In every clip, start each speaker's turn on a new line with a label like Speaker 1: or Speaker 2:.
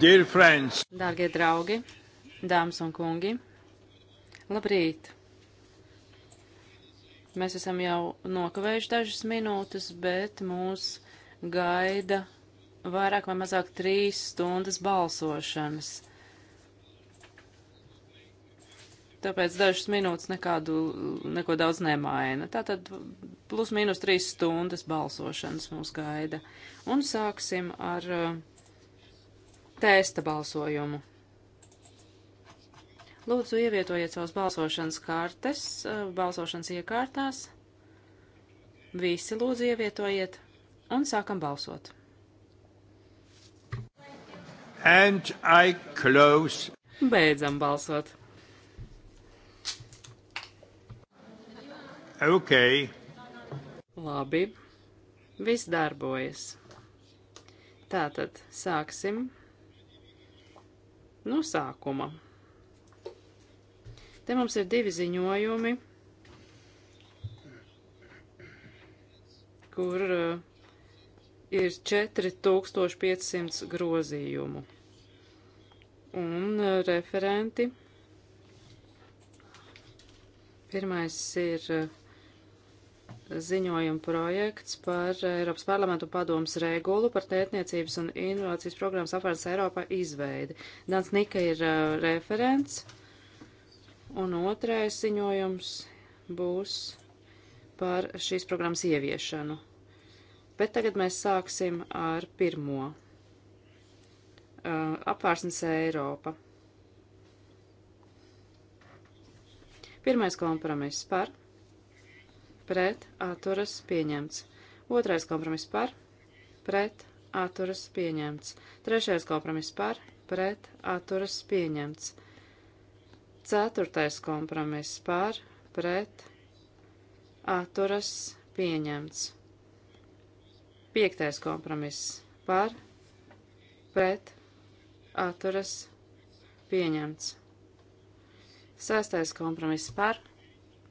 Speaker 1: Dear friends.
Speaker 2: Dārgie draugi, dāmas un kungi, labrīt! Mēs esam jau nokavējuši dažas minūtes, bet mūs gaida vairāk vai mazāk trīs stundas balsošanas. tāpēc dažas minūtes nekādu, neko daudz nemaina. Tātad plus mīnus trīs stundas balsošanas mūs gaida. Un sāksim ar uh, testa balsojumu. Lūdzu, ievietojiet savus balsošanas kartes, eh, balsošanas iekārtās. Visi lūdzu ievietojiet un sākam balsot.
Speaker 1: And I close.
Speaker 2: Beidzam balsot. Ok. Labi. Viss darbojas. Tātad sāksim no nu, sākuma. Te mums ir divi ziņojumi, kur uh, ir 4500 grozījumu. Un uh, referenti. Pirmais ir uh, ziņojuma projekts par Eiropas parlamentu padomas regulu par pētniecības un inovācijas programmas apvērts Eiropā izveidi. Dans Nika ir uh, referents, un otrais ziņojums būs par šīs programmas ieviešanu. Bet tagad mēs sāksim ar pirmo. Uh, apvērsnes Eiropa. Pirmais kompromiss par pret atturas pieņemts. Otrais kompromiss par, pret atturas pieņemts. Trešais kompromiss par, pret atturas pieņemts. Ceturtais kompromiss par, pret atturas pieņemts. Piektais kompromiss par, pret atturas pieņemts. Sestais kompromiss par,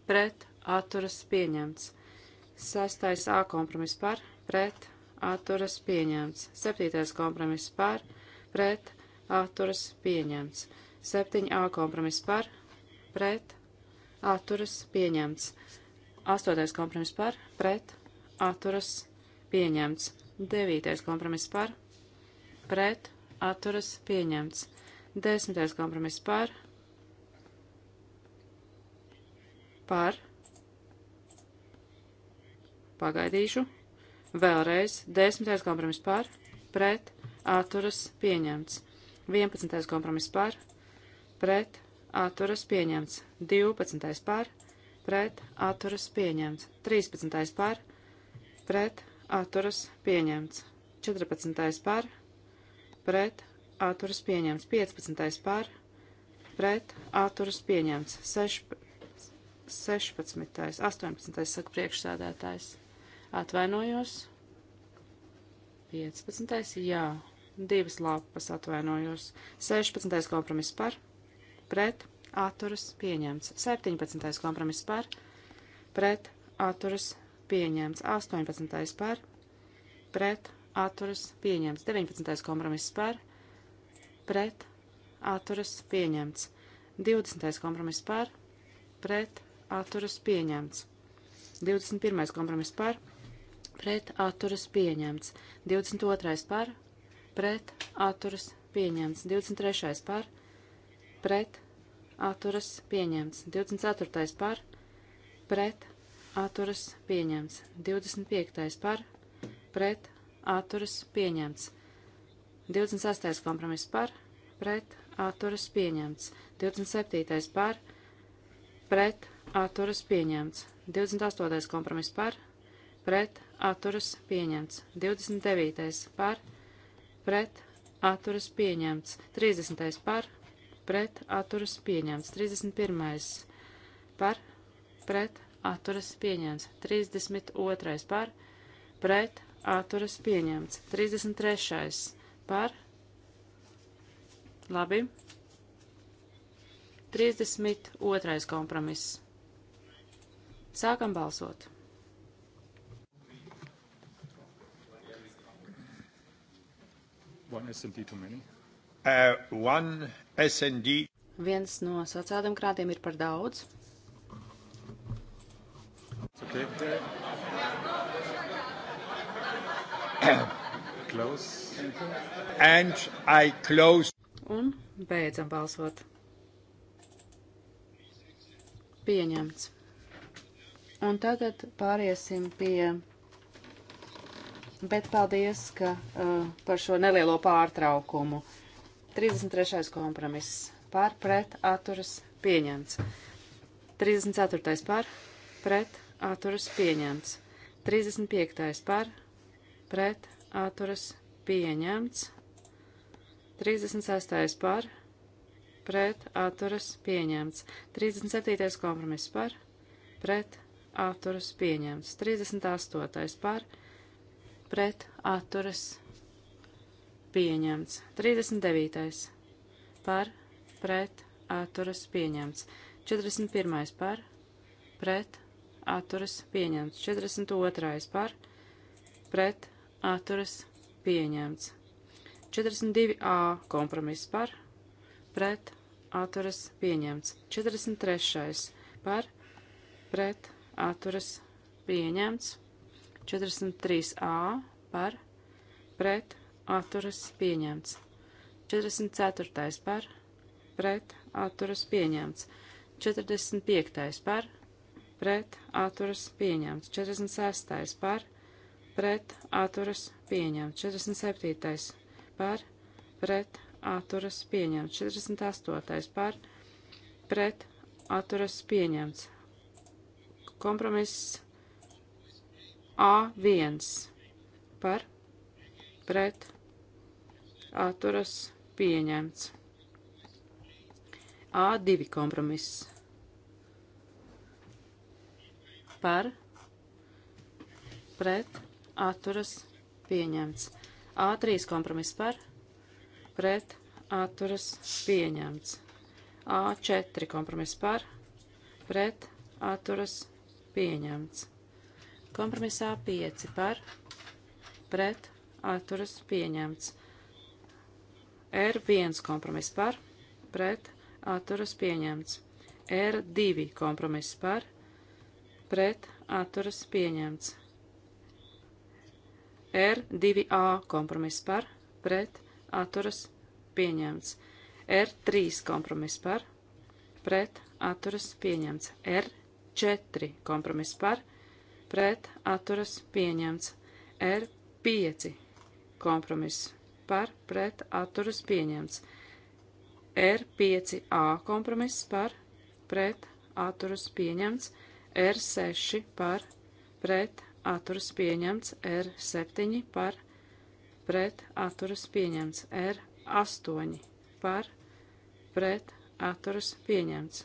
Speaker 2: pret atturas pieņemts. Sastais A kompromiss par, pret, atturas pieņemts. Septītais kompromiss par, pret, atturas pieņemts. Septiņa A kompromiss par, pret, atturas pieņemts. Astotais kompromiss par, pret, atturas pieņemts. Devītais kompromiss par, pret, atturas pieņemts. Desmitais kompromiss par, par, Pagaidīšu. Vēlreiz. Desmitais kompromiss par, pret, atturas pieņemts. Vienpadsmitais kompromiss par, pret, atturas pieņemts. Divpadsmitais par, pret, atturas pieņemts. Trīspadsmitais par, pret, atturas pieņemts. Četrpadsmitais par, pret, atturas pieņemts. Piecpadsmitais par, pret, atturas pieņemts. Sešpadsmitais, astoņpadsmitais, saka priekšsēdētājs. Atvainojos. 15. Jā, divas lapas atvainojos. 16. kompromiss par, pret, atturas pieņemts. 17. kompromiss par, pret, atturas pieņemts. 18. par, pret, atturas pieņemts. 19. kompromiss par, pret, atturas pieņemts. 20. kompromiss par, pret, atturas pieņemts. 21. kompromiss par, pret atturas pieņemts. 22. par pret atturas pieņemts. 23. par pret atturas pieņemts. 24. par pret atturas pieņemts. 25. par pret atturas pieņemts. 26. kompromiss par pret atturas pieņemts. 27. par pret atturas pieņemts. 28. kompromiss par pret atturas pieņemts. 29. par, pret, atturas pieņemts. 30. par, pret, atturas pieņemts. 31. par, pret, atturas pieņemts. 32. par, pret, atturas pieņemts. 33. par, labi. 32. kompromiss. Sākam balsot.
Speaker 3: One SND
Speaker 1: too many. Uh, one SND.
Speaker 2: Viens no sociāldemokrātiem ir par daudz. It's okay.
Speaker 3: close. And I close.
Speaker 2: Un beidzam balsot. Pieņemts. Un tagad pāriesim pie Bet paldies, ka uh, par šo nelielo pārtraukumu. 33. kompromiss par pret atturas pieņemts. 34. par pret atturas pieņemts. 35. par pret atturas pieņemts. 36. par pret atturas pieņemts. 37. kompromiss par pret atturas pieņemts. 38. par pret pret atturas pieņemts. 39. par pret atturas pieņemts. 41. par pret atturas pieņemts. 42. par pret atturas pieņemts. 42a kompromiss par pret atturas pieņemts. 43. par pret atturas pieņemts. 43a par pret atturas pieņemts. 44. par pret atturas pieņemts. 45. par pret atturas pieņemts. 46. par pret atturas pieņemts. 47. par pret atturas pieņemts. 48. par pret atturas pieņemts. Kompromiss A1 par pret atturas pieņemts. A2 kompromiss par pret atturas pieņemts. A3 kompromiss par pret atturas pieņemts. A4 kompromiss par pret atturas pieņemts. Kompromisā 5 par pret atturas pieņemts. R1 kompromiss par pret atturas pieņemts. R2 kompromiss par pret atturas pieņemts. R2A kompromiss par pret atturas pieņemts. R3 kompromiss par pret atturas pieņemts. R4 kompromiss par pret atturas pieņemts. R5 kompromiss par pret atturas pieņemts. R5A kompromiss par pret atturas pieņemts. R6 par pret atturas pieņemts. R7 par pret atturas pieņemts. R8 par pret atturas pieņemts.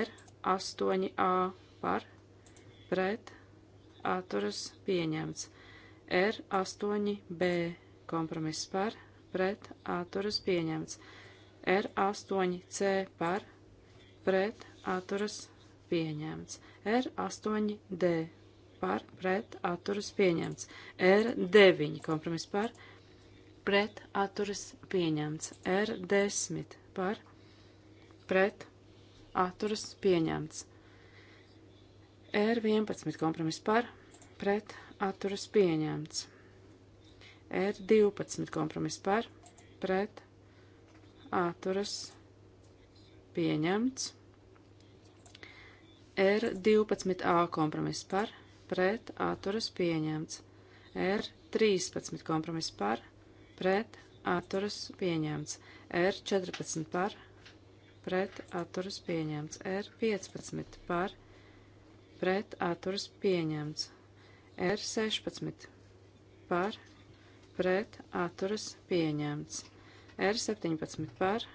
Speaker 2: R8A par pret atturas pieņemts. R8B kompromiss par, pret, atturas pieņemts. R8C par, pret, atturas pieņemts. R8D par, pret, atturas pieņemts. R9 kompromiss par, pret, atturas pieņemts. R10 par, pret, atturas pieņemts. R11 kompromiss par, pret atturas pieņemts. R12 kompromiss par pret atturas pieņemts. R12A kompromiss par pret atturas pieņemts. R13 kompromiss par pret atturas pieņemts. R14 par pret atturas pieņemts. R15 par pret atturas pieņemts. R16 par pret atturas pieņemts. R17 par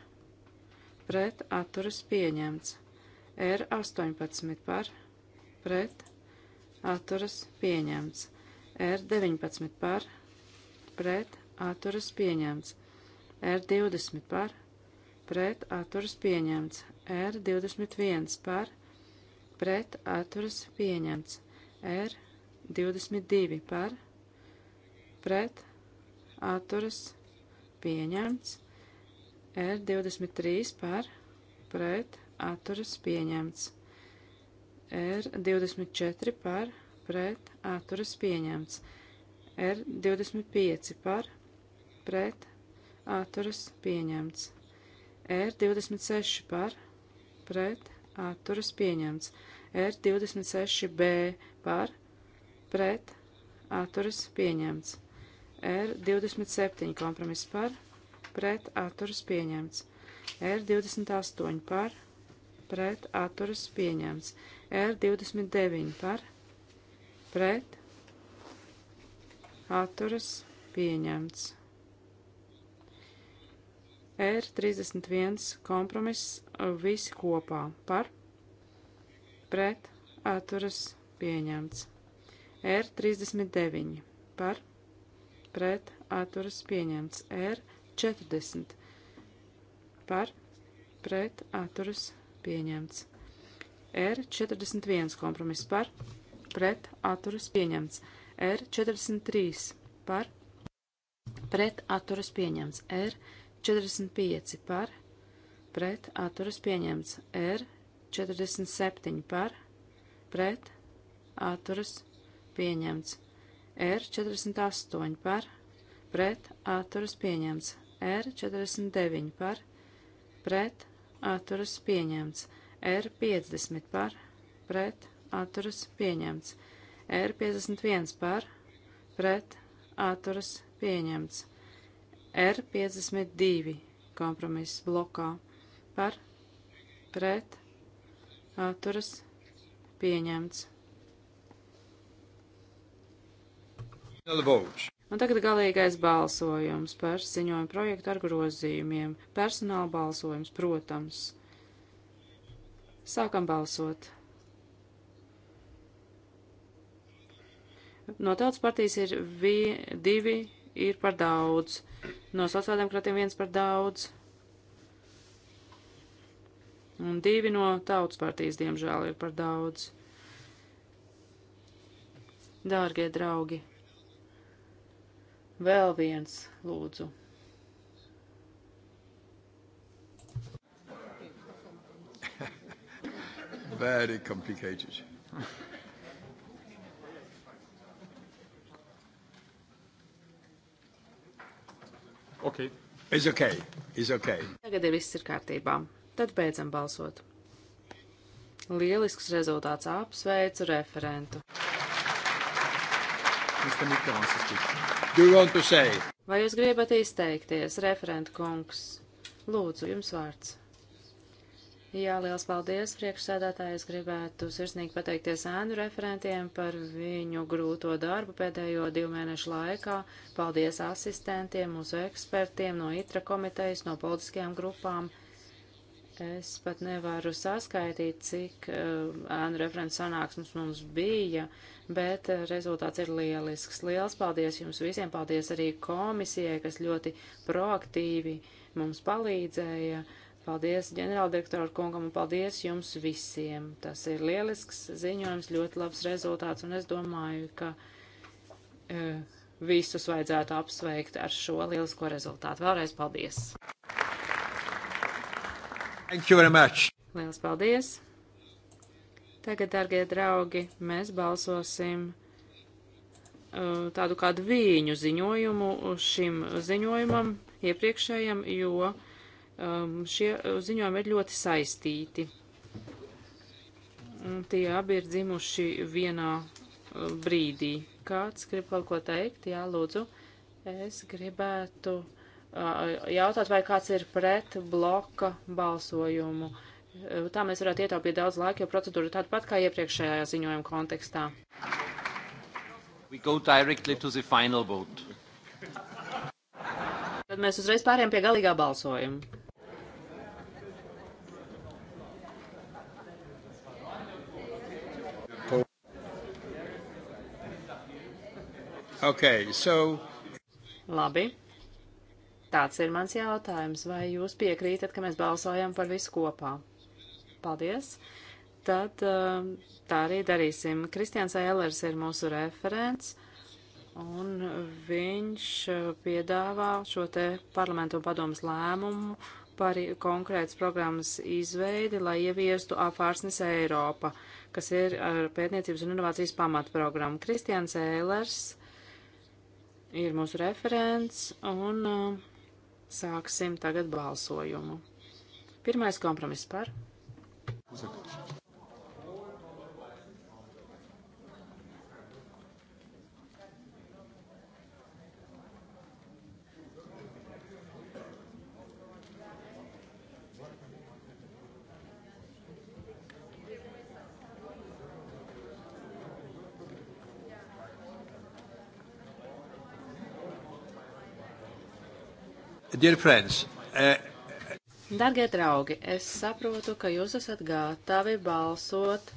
Speaker 2: pret atturas pieņemts. R18 par pret atturas pieņemts. R19 par pret atturas pieņemts. R20 par pret atturas pieņemts. R21 par pret atturas pieņemts. R22 22 par pret atturas pieņemts. R23 par pret atturas pieņemts. R24 par pret atturas pieņemts. R25 par pret atturas pieņemts. R26 par pret atturas pieņemts. R26B par pret pret atturas pieņemts. R27 kompromiss par pret atturas pieņemts. R28 par pret atturas pieņemts. R29 par pret atturas pieņemts. R31 kompromiss uh, visi kopā par pret atturas pieņemts. R39 par pret atturas pieņemts. R40 par pret atturas pieņemts. R41 kompromiss par pret atturas pieņemts. R43 par pret atturas pieņemts. R45 par pret atturas pieņemts. R47 par pret atturas pieņemts pieņemts. R48 par pret atturas pieņemts. R49 par pret atturas pieņemts. R50 par pret atturas pieņemts. R51 par pret atturas pieņemts. R52 kompromiss blokā par pret atturas pieņemts.
Speaker 1: Un
Speaker 2: tagad galīgais balsojums par ziņojumu projektu ar grozījumiem. Personāla balsojums, protams. Sākam balsot. No tautas partijas ir vi, divi ir par daudz, no sociāldemokrātiem viens par daudz, un divi no tautas partijas, diemžēl, ir par daudz. Dārgie draugi! Vēl viens, lūdzu.
Speaker 1: Very complicated. okay. It's okay. It's okay.
Speaker 2: Tagad ir viss ir kārtībā. Tad beidzam balsot. Lielisks rezultāts apsveicu referentu. Vai jūs gribat izteikties, referent kungs? Lūdzu, jums vārds. Jā, liels paldies, priekšsēdētāji. Es gribētu sirsnīgi pateikties ēnu referentiem par viņu grūto darbu pēdējo divu mēnešu laikā. Paldies asistentiem, mūsu ekspertiem no ITRA komitejas, no politiskajām grupām. Es pat nevaru saskaitīt, cik eh, ēnu uh, referents sanāksmes mums bija, bet eh, rezultāts ir lielisks. Liels paldies jums visiem, paldies arī komisijai, kas ļoti proaktīvi mums palīdzēja. Paldies ģenerāldirektoru kungam un paldies jums visiem. Tas ir lielisks ziņojums, ļoti labs rezultāts un es domāju, ka uh, visus vajadzētu apsveikt ar šo lielisko rezultātu. Vēlreiz paldies!
Speaker 1: Thank you very much.
Speaker 2: Lielas paldies. Tagad, dārgie draugi, mēs balsosim uh, tādu kādu viņu ziņojumu šim ziņojumam iepriekšējam, jo um, šie ziņojumi ir ļoti saistīti. Un tie abi ir dzimuši vienā uh, brīdī. Kāds grib kaut ko teikt? Jā, lūdzu. Es gribētu uh, jautāt, vai kāds ir pret bloka balsojumu. Tā mēs varētu ietaupīt daudz laika, jo procedūra ir tāda pat kā iepriekšējā ziņojuma kontekstā. Tad mēs uzreiz pāriem pie galīgā balsojuma. Okay, so... Labi. Tāds ir mans jautājums. Vai jūs piekrītat, ka mēs balsojam par visu kopā? Paldies! Tad um, tā arī darīsim. Kristians Ēlers ir mūsu referents, un viņš uh, piedāvā šo te parlamentu un padomas lēmumu par konkrētas programmas izveidi, lai ieviestu apvārsnes Eiropa, kas ir pētniecības un inovācijas pamatprogramma. Kristians Ēlers ir mūsu referents, un uh, Sāksim tagad balsojumu. Pirmais kompromiss par.
Speaker 1: Dear friends, uh,
Speaker 2: Dargie draugi, es saprotu, ka jūs esat gatavi balsot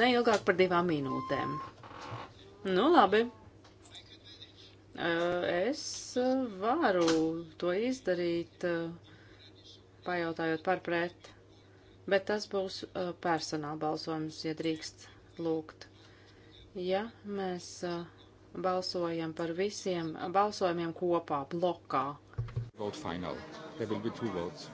Speaker 2: neilgāk par divām minūtēm. Nu, labi. Eh, es varu to izdarīt, eh, pajautājot par pret, bet tas būs personāla balsojums, ja drīkst lūgt. Ja mēs uh, Balsojam par visiem balsojumiem kopā, blokā.
Speaker 3: Vote final. There will be two votes.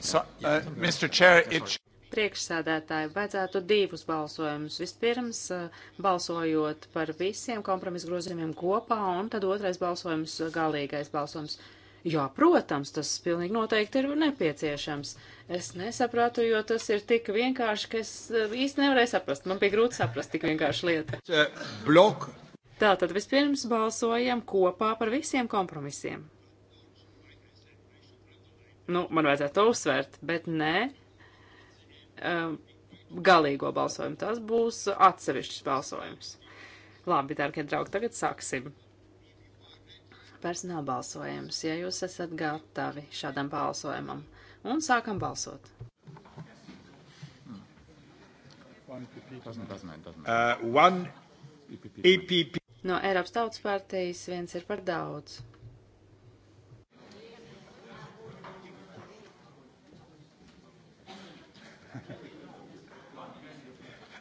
Speaker 3: So, uh, Mr. Chair, it...
Speaker 2: Priekšsēdētāji vajadzētu divus balsojumus. Vispirms uh, balsojot par visiem kompromisu grozījumiem kopā, un tad otrais balsojums, uh, galīgais balsojums. Jā, protams, tas pilnīgi noteikti ir nepieciešams. Es nesapratu, jo tas ir tik vienkārši, ka es uh, īsti nevarēju saprast. Man bija grūti saprast tik vienkārši lieta. Blok Tātad vispirms balsojam kopā par visiem kompromisiem. Nu, man vajadzētu to uzsvērt, bet nē. Um, galīgo balsojumu. Tas būs atsevišķs balsojums. Labi, dārgie draugi, tagad sāksim. Personāla balsojums, ja jūs esat gatavi šādam balsojumam. Un sākam balsot.
Speaker 3: Uh, one EPP.
Speaker 2: No Eiropas tautas partijas viens ir par daudz.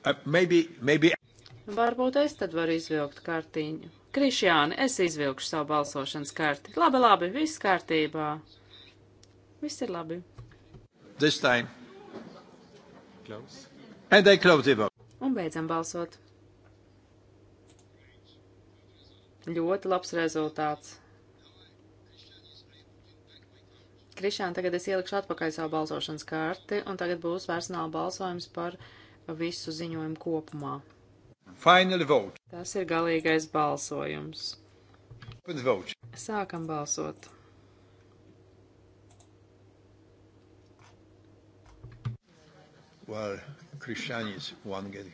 Speaker 3: Uh, maybe, maybe.
Speaker 2: Varbūt es tad varu izvilkt kartiņu. Krišjāni, es izvilkšu savu balsošanas karti. Labi, labi, viss kārtībā. Viss ir labi.
Speaker 1: This time. Close. And they close the vote.
Speaker 2: Un beidzam balsot. Ļoti labs rezultāts. Krišāna, tagad es ielikšu atpakaļ savu balsošanas karti, un tagad būs personāla balsojums par visu ziņojumu kopumā.
Speaker 1: Final vote.
Speaker 2: Tas ir galīgais balsojums. Vote. Sākam balsot.
Speaker 1: Well, Krishan is one getting.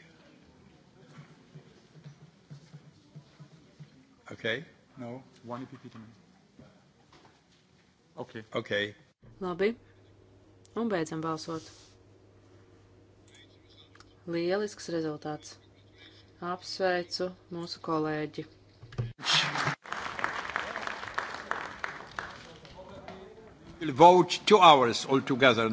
Speaker 3: Okay. No. One EPP to me.
Speaker 2: Okay. Okay. Labi. Un beidzam balsot. Lielisks rezultāts. Apsveicu mūsu kolēģi. Together,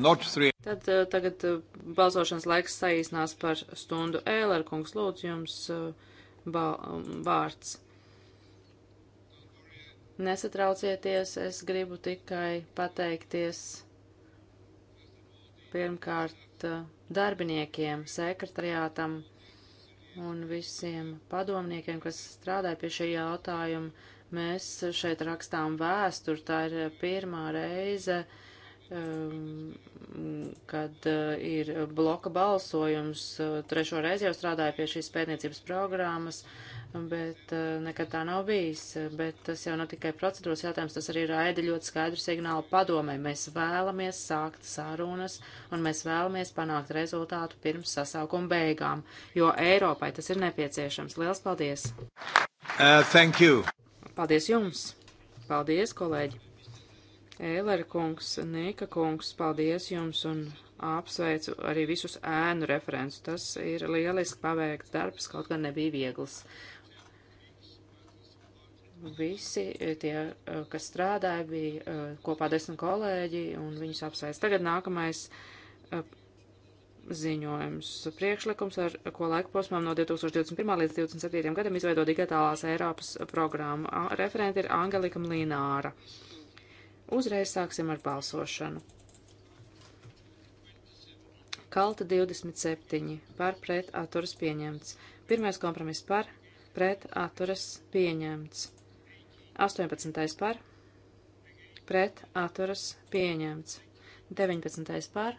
Speaker 2: Tad uh, tagad uh, balsošanas laiks saīsnās par stundu. Ēler kungs, lūdzu jums uh, vārds. Nesatraucieties, es gribu tikai pateikties pirmkārt eh, darbiniekiem, sekretariātam un visiem padomniekiem, kas strādāja pie šī jautājuma. Mēs šeit rakstām vēsturi, tā ir pirmā reize, um, kad eh, ir bloka balsojums. Eh, trešo reizi jau strādāju pie šīs pētniecības programmas. Uh, bet e, nekad tā nav bijis. Bet tas jau nav tikai procedūras jautājums, tas arī raida ļoti skaidru signālu padomē. Mēs vēlamies sākt sarunas un mēs vēlamies panākt rezultātu pirms sasaukuma beigām, jo Eiropai tas ir nepieciešams. Liels paldies!
Speaker 1: Uh, thank you!
Speaker 2: Paldies jums! Paldies, kolēģi! Ēlera kungs, Nika kungs, paldies jums un apsveicu arī visus ēnu referents. Tas ir lieliski paveikts darbs, kaut gan nebija viegls visi e, tie, e, kas strādāja, bija e, kopā desmit kolēģi, un viņus apsveic. Tagad nākamais ziņojums. Priekšlikums, ar ko laika posmām no 2021. līdz 2027. gadam izveido digitālās Eiropas programmu. Referenti ir Angelika Mlīnāra. Uzreiz sāksim ar balsošanu. Kalta 27. Par pret atturas pieņemts. Pirmais kompromiss par pret atturas pieņemts. 18. par pret atturas pieņemts. 19. par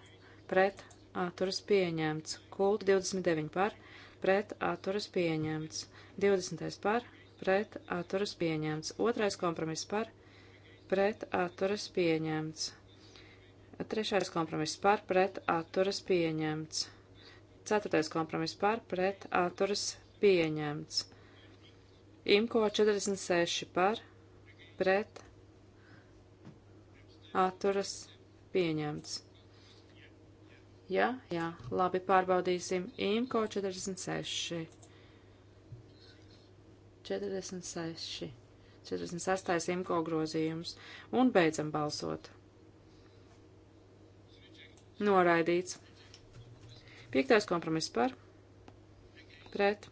Speaker 2: pret atturas pieņemts. Kult 29 par pret atturas pieņemts. 20. par pret atturas pieņemts. Otrais kompromiss par pret atturas pieņemts. Trešais kompromiss par pret atturas pieņemts. Ceturtais kompromiss par pret atturas pieņemts. Imko 46 par pret, atturas, pieņemts. Jā, jā, labi, pārbaudīsim IMCO 46. 46. 46. IMCO grozījums. Un beidzam balsot. Noraidīts. Piektais kompromiss par. Pret.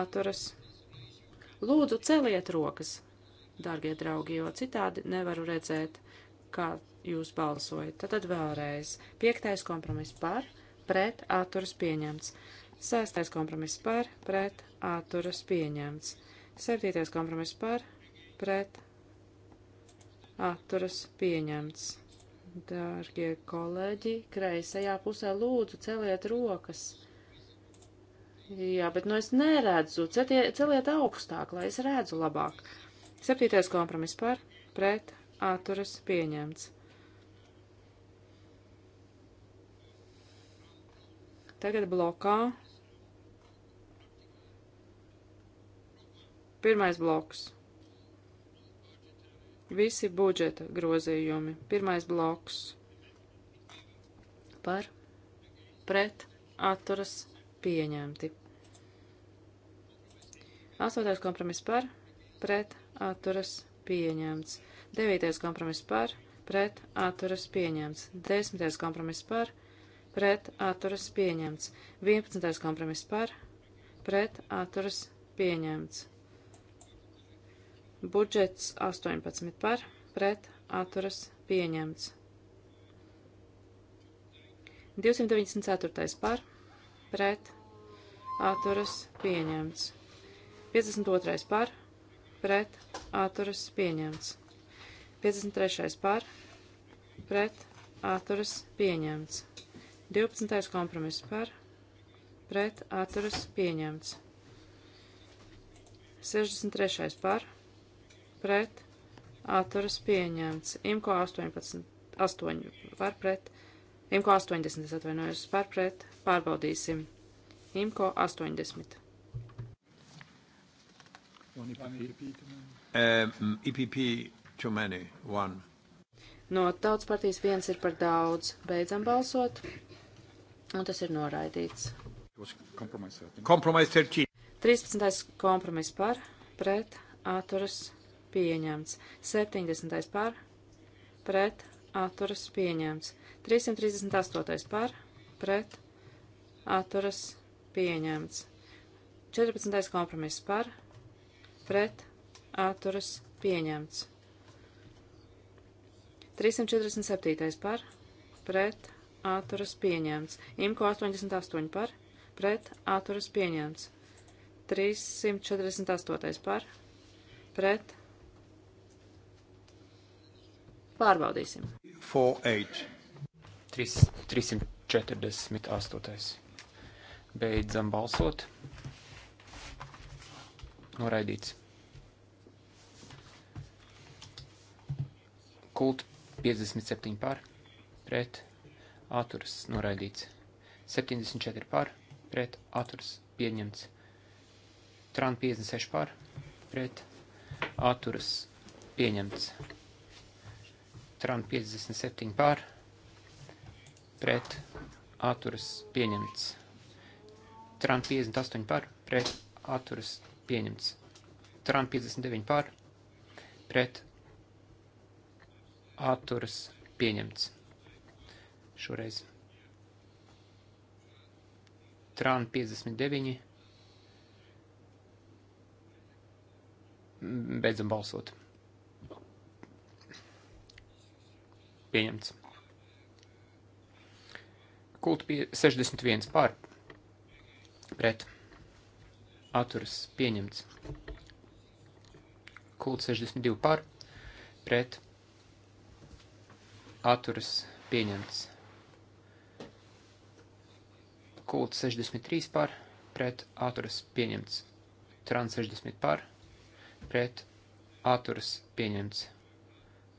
Speaker 2: Atturas Lūdzu, celiet rokas, dārgie draugi, jo citādi nevaru redzēt, kā jūs balsojat. Tad, tad vēlreiz. Piektais kompromiss par, pret, atturas pieņemts. Sestais kompromiss par, pret, atturas pieņemts. Septītais kompromiss par, pret, atturas pieņemts. Dārgie kolēģi, kreisajā pusē lūdzu celiet rokas. Jā, bet nu es neredzu. Cetie, celiet augstāk, lai es redzu labāk. Septītais kompromiss par, pret, atturas pieņemts. Tagad blokā. Pirmais bloks. Visi budžeta grozījumi. Pirmais bloks. Par, pret, atturas pieņemts pieņemti. Astotais kompromiss par, pret, atturas, pieņemts. Devītais kompromiss par, pret, atturas, pieņemts. Desmitais kompromiss par, pret, atturas, pieņemts. Vienpadsmitais kompromiss par, pret, atturas, pieņemts. Budžets 18 par, pret, atturas, pieņemts. 294. par, pret, atturas pieņemts. 52. par, pret, atturas pieņemts. 53. par, pret, atturas pieņemts. 12. kompromiss par, pret, atturas pieņemts. 63. par, pret, atturas pieņemts. Imko 18, 8 par, pret, Imko 80 atvainojas par, pret, pārbaudīsim. Imko 80.
Speaker 1: One EPP. E um, EPP too many. One.
Speaker 2: No tautas partijas viens ir par daudz. Beidzam balsot. Un tas ir noraidīts.
Speaker 3: Kompromiss 13.
Speaker 2: 13. kompromiss par, pret, atturas pieņemts. 70. par, pret, atturas pieņemts. 338. par, pret, atturas pieņemts pieņemts. 14. kompromiss par, pret, atturas, pieņemts. 347. par, pret, atturas, pieņemts. Imko 88 par, pret, atturas, pieņemts. 348. par, pret. Pārbaudīsim.
Speaker 3: 48. 3, 348. Beidzam balsot. Noraidīts. Kult 57 pār, pret, atturas, noraidīts. 74 pār, pret, atturas, pieņemts. Tran 56 pār, pret, atturas, pieņemts. Tran 57 pār, pret, atturas, pieņemts. Tran 58 par, pret atturas pieņemts. Tran 59 par, pret atturas pieņemts. Šoreiz. Tran 59. Beidzam balsot. Pieņemts. Kult pie 61 pār pret atturas pieņemts. Kult 62 par pret atturas pieņemts. Kult 63 par pret atturas pieņemts. Trans 60 par pret atturas pieņemts.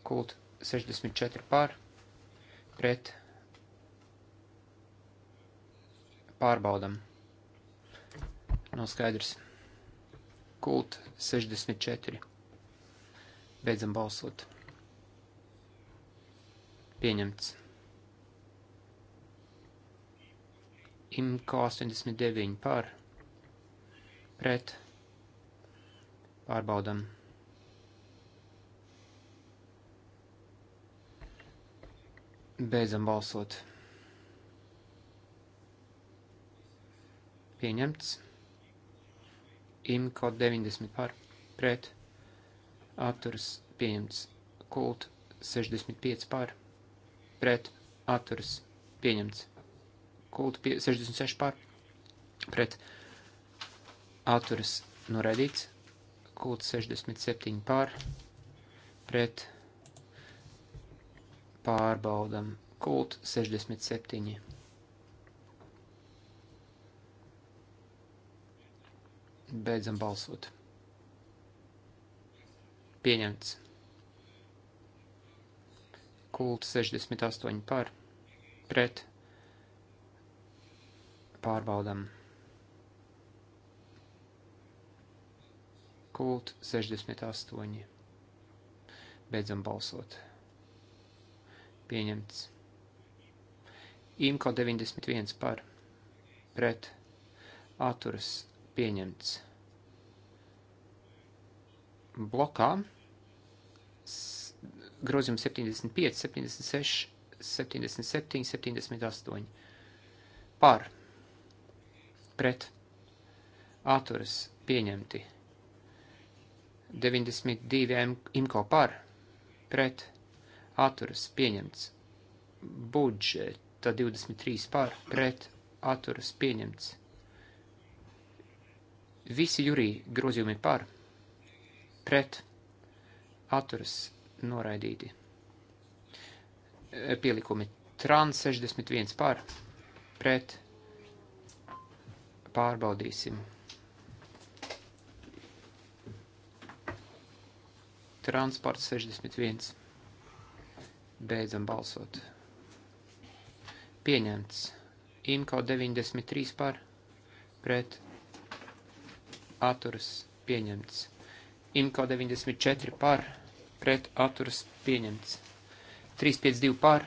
Speaker 3: Kult 64 par pret pārbaudam nav nu, skaidrs. Kult 64. Beidzam balsot. Pieņemts. Imko 89 par. Pret. Pārbaudam. Beidzam balsot. Pieņemts. Imko 90 par pret atturs pieņemts. Kult 65 par pret atturs pieņemts. Kult pie, 66 par pret atturs noraidīts. Kult 67 par pret pārbaudam. Kult 67. Beidzam balsot. Pieņemts. Kult 68 par. Pret. Pārbaudam. Kult 68. Beidzam balsot. Pieņemts. Imko 91 par. Pret. Atturas pieņemts blokā grozījumi 75, 76, 77, 78 par pret atturas pieņemti 92 imko par pret atturas pieņemts budžeta 23 par pret atturas pieņemts visi jurī grozījumi par pret pret atturas noraidīti. E, pielikumi trans 61 par pret pārbaudīsim. Transports 61. Beidzam balsot. Pieņemts. Imko 93 par pret atturas pieņemts. Imko 94 par, pret atturas pieņemts. 352 par,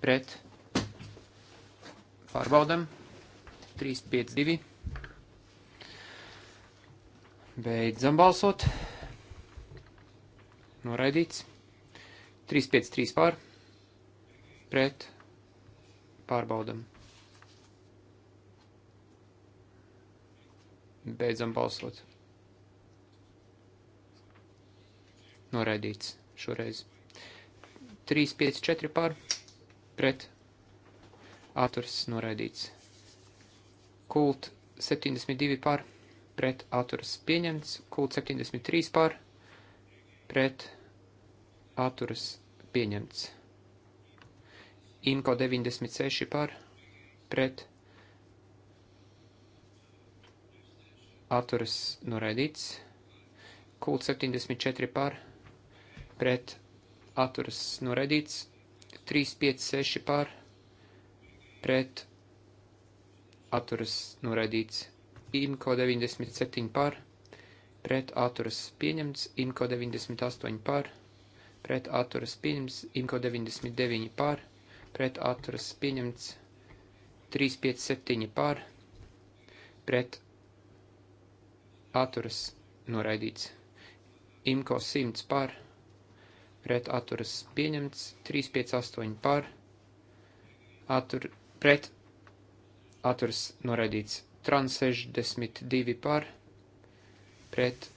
Speaker 3: pret pārbaudam. 352. Beidzam balsot. Noraidīts. 353 pār. Pret. Pārbaudam. Beidzam balsot. Noraidīts šoreiz. 3, 5, 4 pār, pret, atturs noraidīts. Kult 72 pār, pret, atturs pieņemts. Kult 73 pār, pret, atturs pieņemts. Imko 96 pār, pret, atturs noraidīts. Kult 74 pār, pret, pret atturas noraidīts, 356 par pret atturas noraidīts, IMCO 97 par pret atturas pieņemts, IMCO 98 par pret atturas pieņemts, IMCO 99 par pret atturas pieņemts, 357 par pret atturas noraidīts, IMCO 100 par pret pret atturas pieņemts, 358 par, attur, pret atturas noraidīts, trans 62 par, pret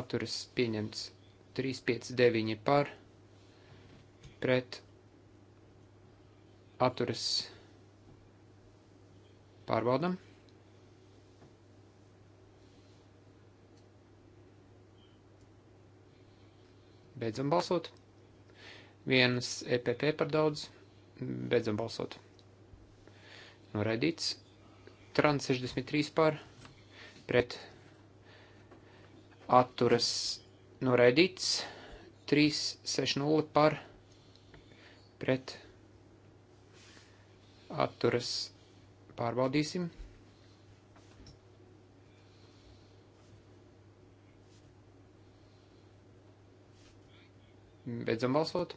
Speaker 3: atturas pieņemts, 359 par, pret atturas pārbaudam. Beidzam balsot. Vienas EPP par daudz. Beidzam balsot. Noraidīts. Trans 63 par. Pret. Atturas. Noraidīts. 360 par. Pret. Atturas. Pārbaudīsim. Beidzam balsot.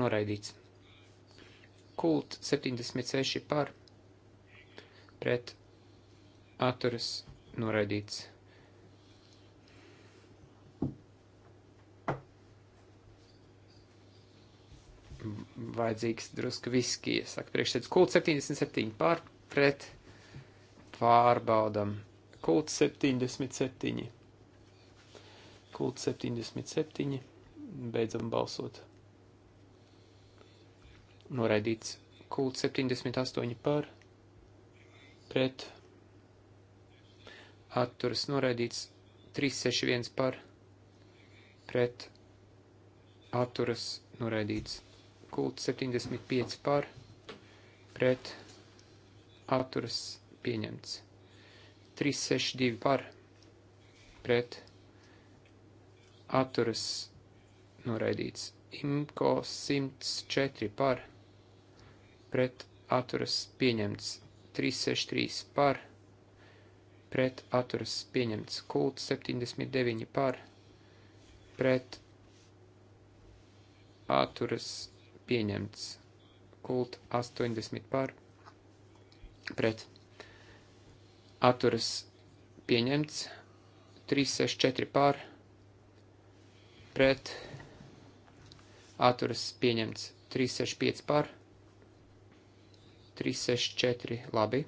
Speaker 3: Noraidīts. Kult 76 par pret atturas noraidīts. Vajadzīgs drusku viskija, saka priekšsēdus. Kult 77 par pret pārbaudam. Kult 77. Kult 77. Beidzam balsot. Noraidīts. Kult 78 par. Pret. Atturas noraidīts. 361 par. Pret. Atturas noraidīts. Kult 75 par. Pret. Atturas pieņemts. 362 par. Pret atturas noraidīts. Imko 104 par, pret atturas pieņemts. 363 par, pret atturas pieņemts. Kult 79 par, pret atturas pieņemts. Kult 80 par, pret atturas pieņemts. 364 par, pret pret atturas pieņemts 365 par 364 labi.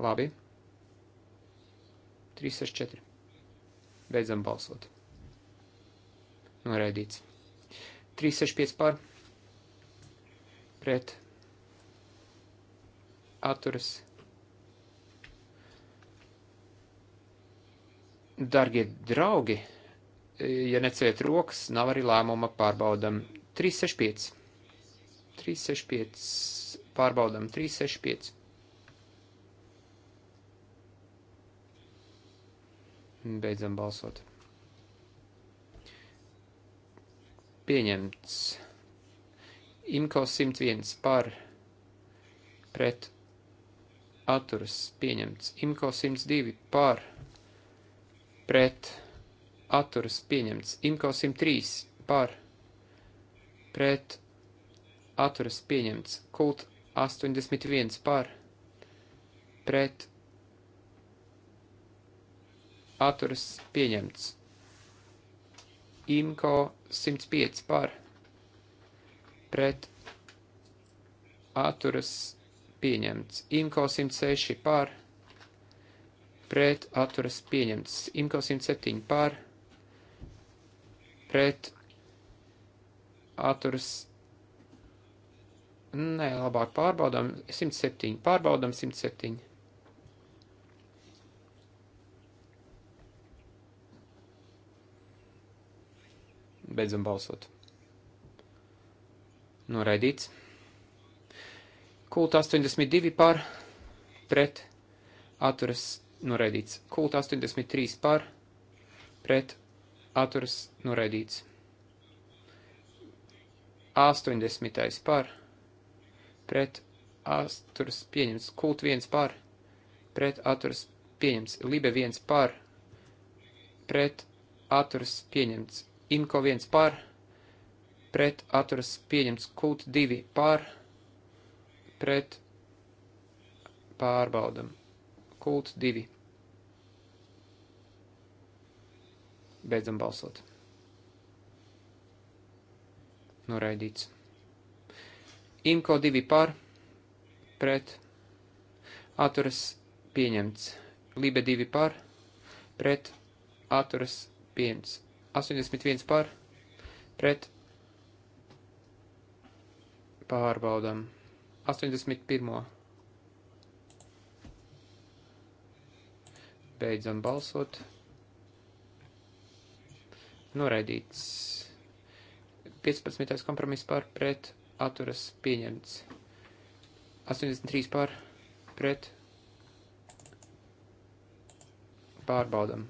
Speaker 3: Labi. 364. Beidzam balsot. Noraidīts. 365 par pret atturas pieņemts Dargie draugi, ja neceliet rokas, nav arī lēmuma pārbaudam. 365. 365. Pārbaudam 365. Beidzam balsot. Pieņemts. Imko 101 par pret atturas pieņemts. Imko 102 par pret atturas pieņemts. Imko 103 par pret atturas pieņemts. Kult 81 par pret atturas pieņemts. Imko 105 par pret atturas pieņemts. Imko 106 par pret pret atturas pieņemts. Imko 107 par pret atturas. Nē, labāk pārbaudām. 107. Pārbaudām 107. Beidzam balsot. Noraidīts. Kult 82 par pret atturas noraidīts. Kult 83 par, pret atturas noraidīts. 80 par, pret atturas pieņemts. Kult 1 par, pret atturas pieņemts. Libe 1 par, pret atturas pieņemts. Imko 1 par, pret atturas pieņemts. Kult 2 par, pret pārbaudam. Kult 2. Beidzam balsot. Noraidīts. Imko 2 par, pret, atturas pieņemts. Libe 2 par, pret, atturas pieņemts. 81 par, pret, pārbaudam. 81. Beidzam balsot. Noraidīts. 15. kompromiss par pret atturas pieņemts. 83 par pret pārbaudam.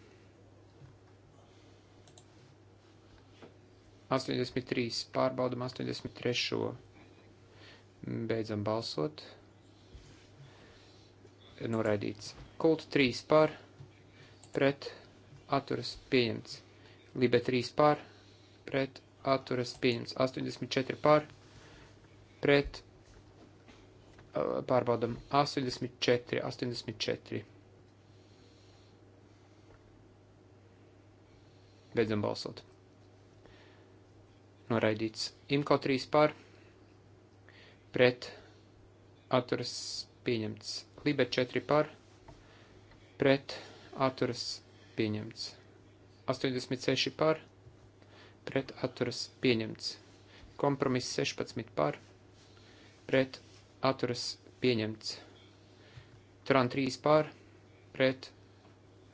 Speaker 3: 83 pārbaudam 83. Beidzam balsot. Noraidīts. Kult 3 par pret pret atturas pieņemts. Libe 3 pār pret atturas pieņemts. 84 pār pret pārbaudam 84, 84. Beidzam balsot. Noraidīts. Imko 3 pār pret atturas pieņemts. Libe 4 pār pret atturas pieņemts atturas pieņemts. 86 par, pret atturas pieņemts. Kompromiss 16 par, pret atturas pieņemts. Tran 3 par, pret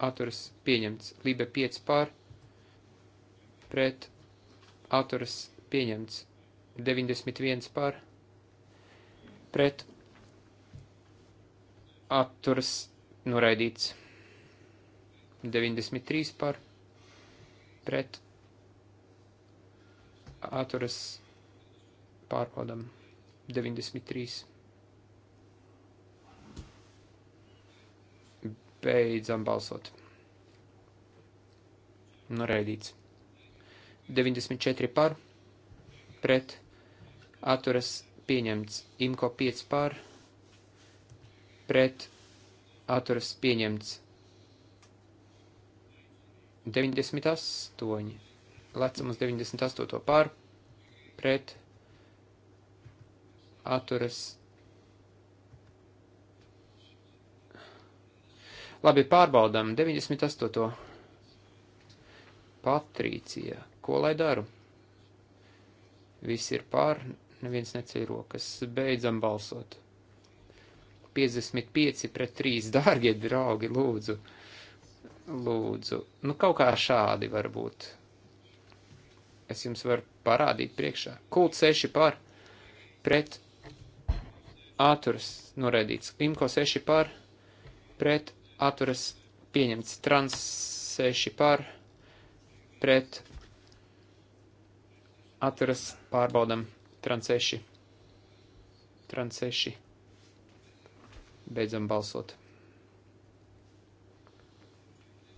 Speaker 3: atturas pieņemts. Libe 5 par, pret atturas pieņemts. 91 par, pret atturas noraidīts. 93 par pret atturas pārbaudam 93. Beidzam balsot. Noraidīts. 94 par pret atturas pieņemts. Imko 5 par pret atturas pieņemts. 98. Lecam uz 98. pār pret atturas. Labi, pārbaudām 98. Patrīcija. Ko lai daru? Visi ir pār, neviens neceļ rokas. Beidzam balsot. 55 pret 3. Dārgie draugi, lūdzu! Lūdzu, nu kaut kā šādi varbūt. Es jums varu parādīt priekšā. Kult 6 par, pret, atturas noraidīts. Imko 6 par, pret, atturas pieņemts. Trans 6 par, pret, atturas pārbaudam. Trans 6. Trans 6. Beidzam balsot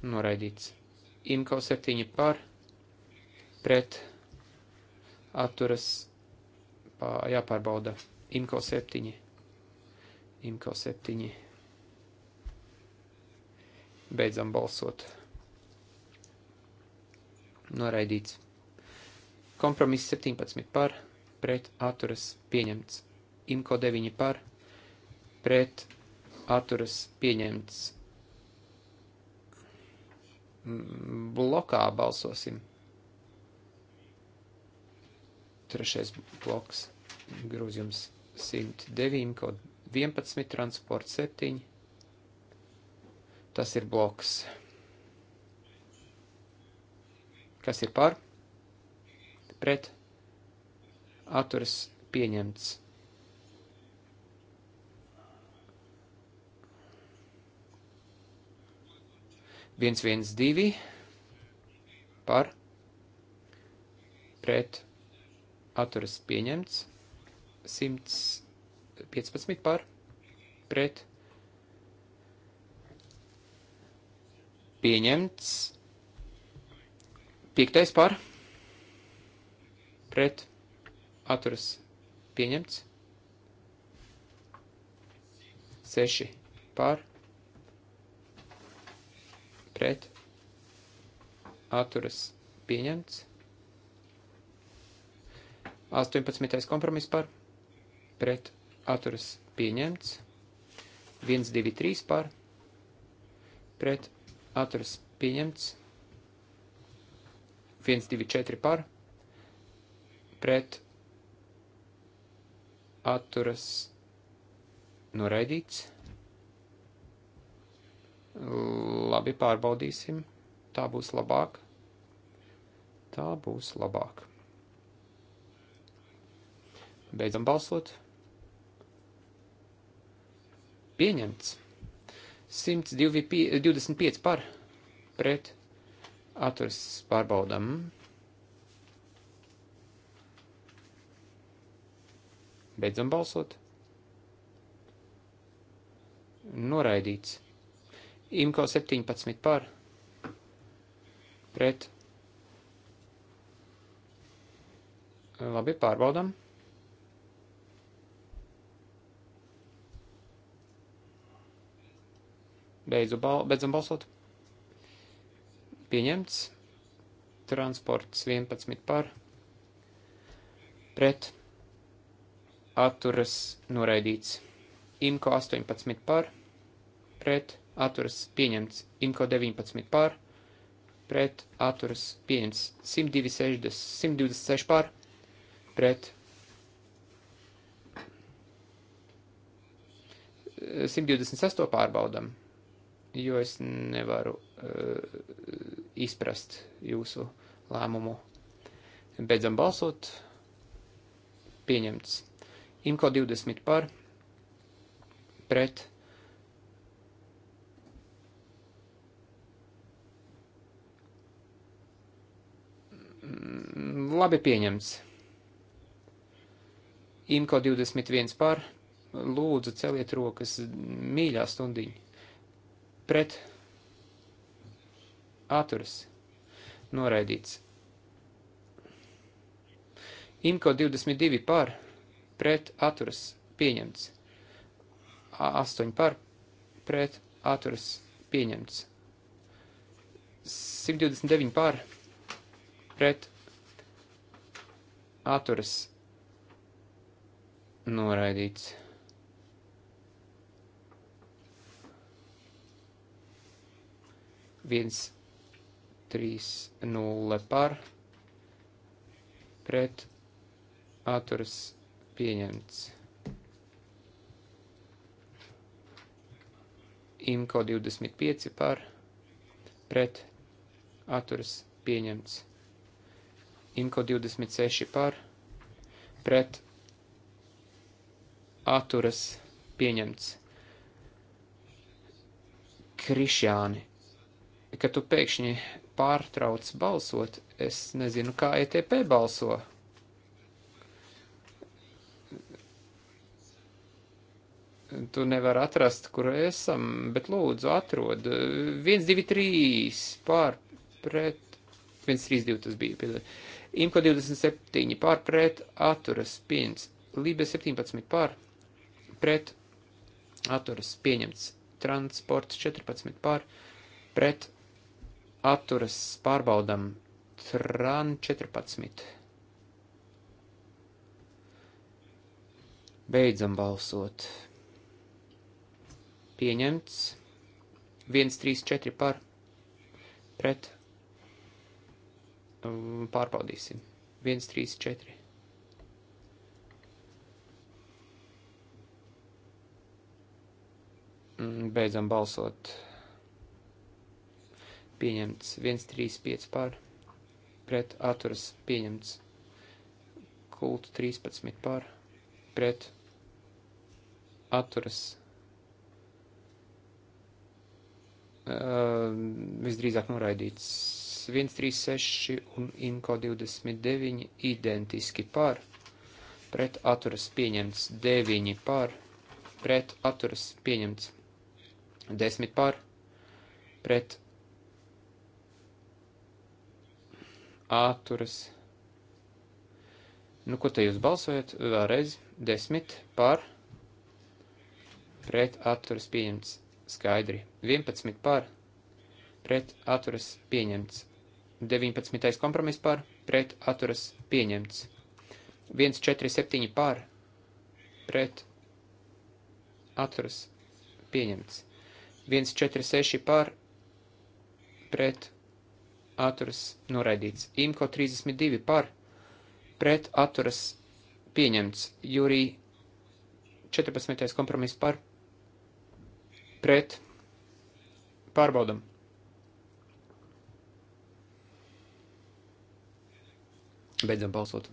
Speaker 3: noraidīts. Imko 7 par, pret, atturas, pā, jāpārbauda. Imko 7. Imko 7. Beidzam balsot. Noraidīts. Kompromiss 17 par, pret, atturas, pieņemts. Imko 9 par, pret, atturas, pieņemts blokā balsosim. Trešais bloks grūzījums 109, kaut 11, transports 7. Tas ir bloks. Kas ir par? Pret. Atturas pieņemts. 112 par pret atturas pieņemts, 115 par pret pieņemts, 5 par pret atturas pieņemts, 6 par pret, atturas pieņemts. 18. kompromis par, pret, atturas pieņemts. 1, 2, 3 par, pret, atturas pieņemts. 1, 2, 4 par, pret, atturas noraidīts. Labi, pārbaudīsim. Tā būs labāk. Tā būs labāk. Beidzam balsot. Pieņemts. 125 par pret atturas pārbaudam. Beidzam balsot. Noraidīts. Imko 17 par pret. Labi, pārbaudam. Beidzu bal beidzam balsot. Pieņemts. Transports 11 par pret atturas noraidīts. Imko 18 par, pret, atturas pieņemts. Imko 19 pār, pret atturas pieņemts. 126, 126 pār, pret 126 pārbaudam, jo es nevaru uh, izprast jūsu lēmumu. Beidzam balsot. Pieņemts. Imko 20 par, pret Labi pieņemts. Imko 21 pār. Lūdzu, celiet rokas mīļā stundiņa. Pret. Atturas. Noraidīts. Imko 22 pār. Pret. Atturas. Pieņemts. 8 pār. Pret. Atturas. Pieņemts. 129 pār pret atturas noraidīts. Viens, trīs, nulle par pret atturas pieņemts. Imko 25 par pret atturas pieņemts. Inko 26 par, pret atturas pieņemts. Krišjāni, kad tu pēkšņi pārtrauc balsot, es nezinu, kā ETP balso. Tu nevar atrast, kur esam, bet lūdzu atrod. 1, 2, 3, pār, pret, 1, 3, 2 tas bija. Imko 27 pār pret atturas pieņemts. Lībe 17 pār pret atturas pieņemts. Transports 14 pār pret atturas pārbaudam. Tran 14. Beidzam balsot. Pieņemts. 1, 3, 4 par. Pret Mm, pārbaudīsim. 1, 3, 4. Beidzam balsot. Pieņemts 1, 3, 5 pār. Pret atturas pieņemts. Kultu 13 pār. Pret atturas. Uh, visdrīzāk noraidīts 136 un Inko 29 identiski par, pret atturas pieņemts 9 par, pret atturas pieņemts 10 par, pret atturas. Nu, ko te jūs balsojat? Vēlreiz 10 par, pret atturas pieņemts skaidri 11 par, pret atturas pieņemts 19. kompromis par, pret atturas pieņemts. 147 par, pret atturas pieņemts. 146 par, pret atturas noraidīts. Imko 32 par, pret atturas pieņemts. Jūrī 14. kompromis par, pret pārbaudam. Beidzam balsot.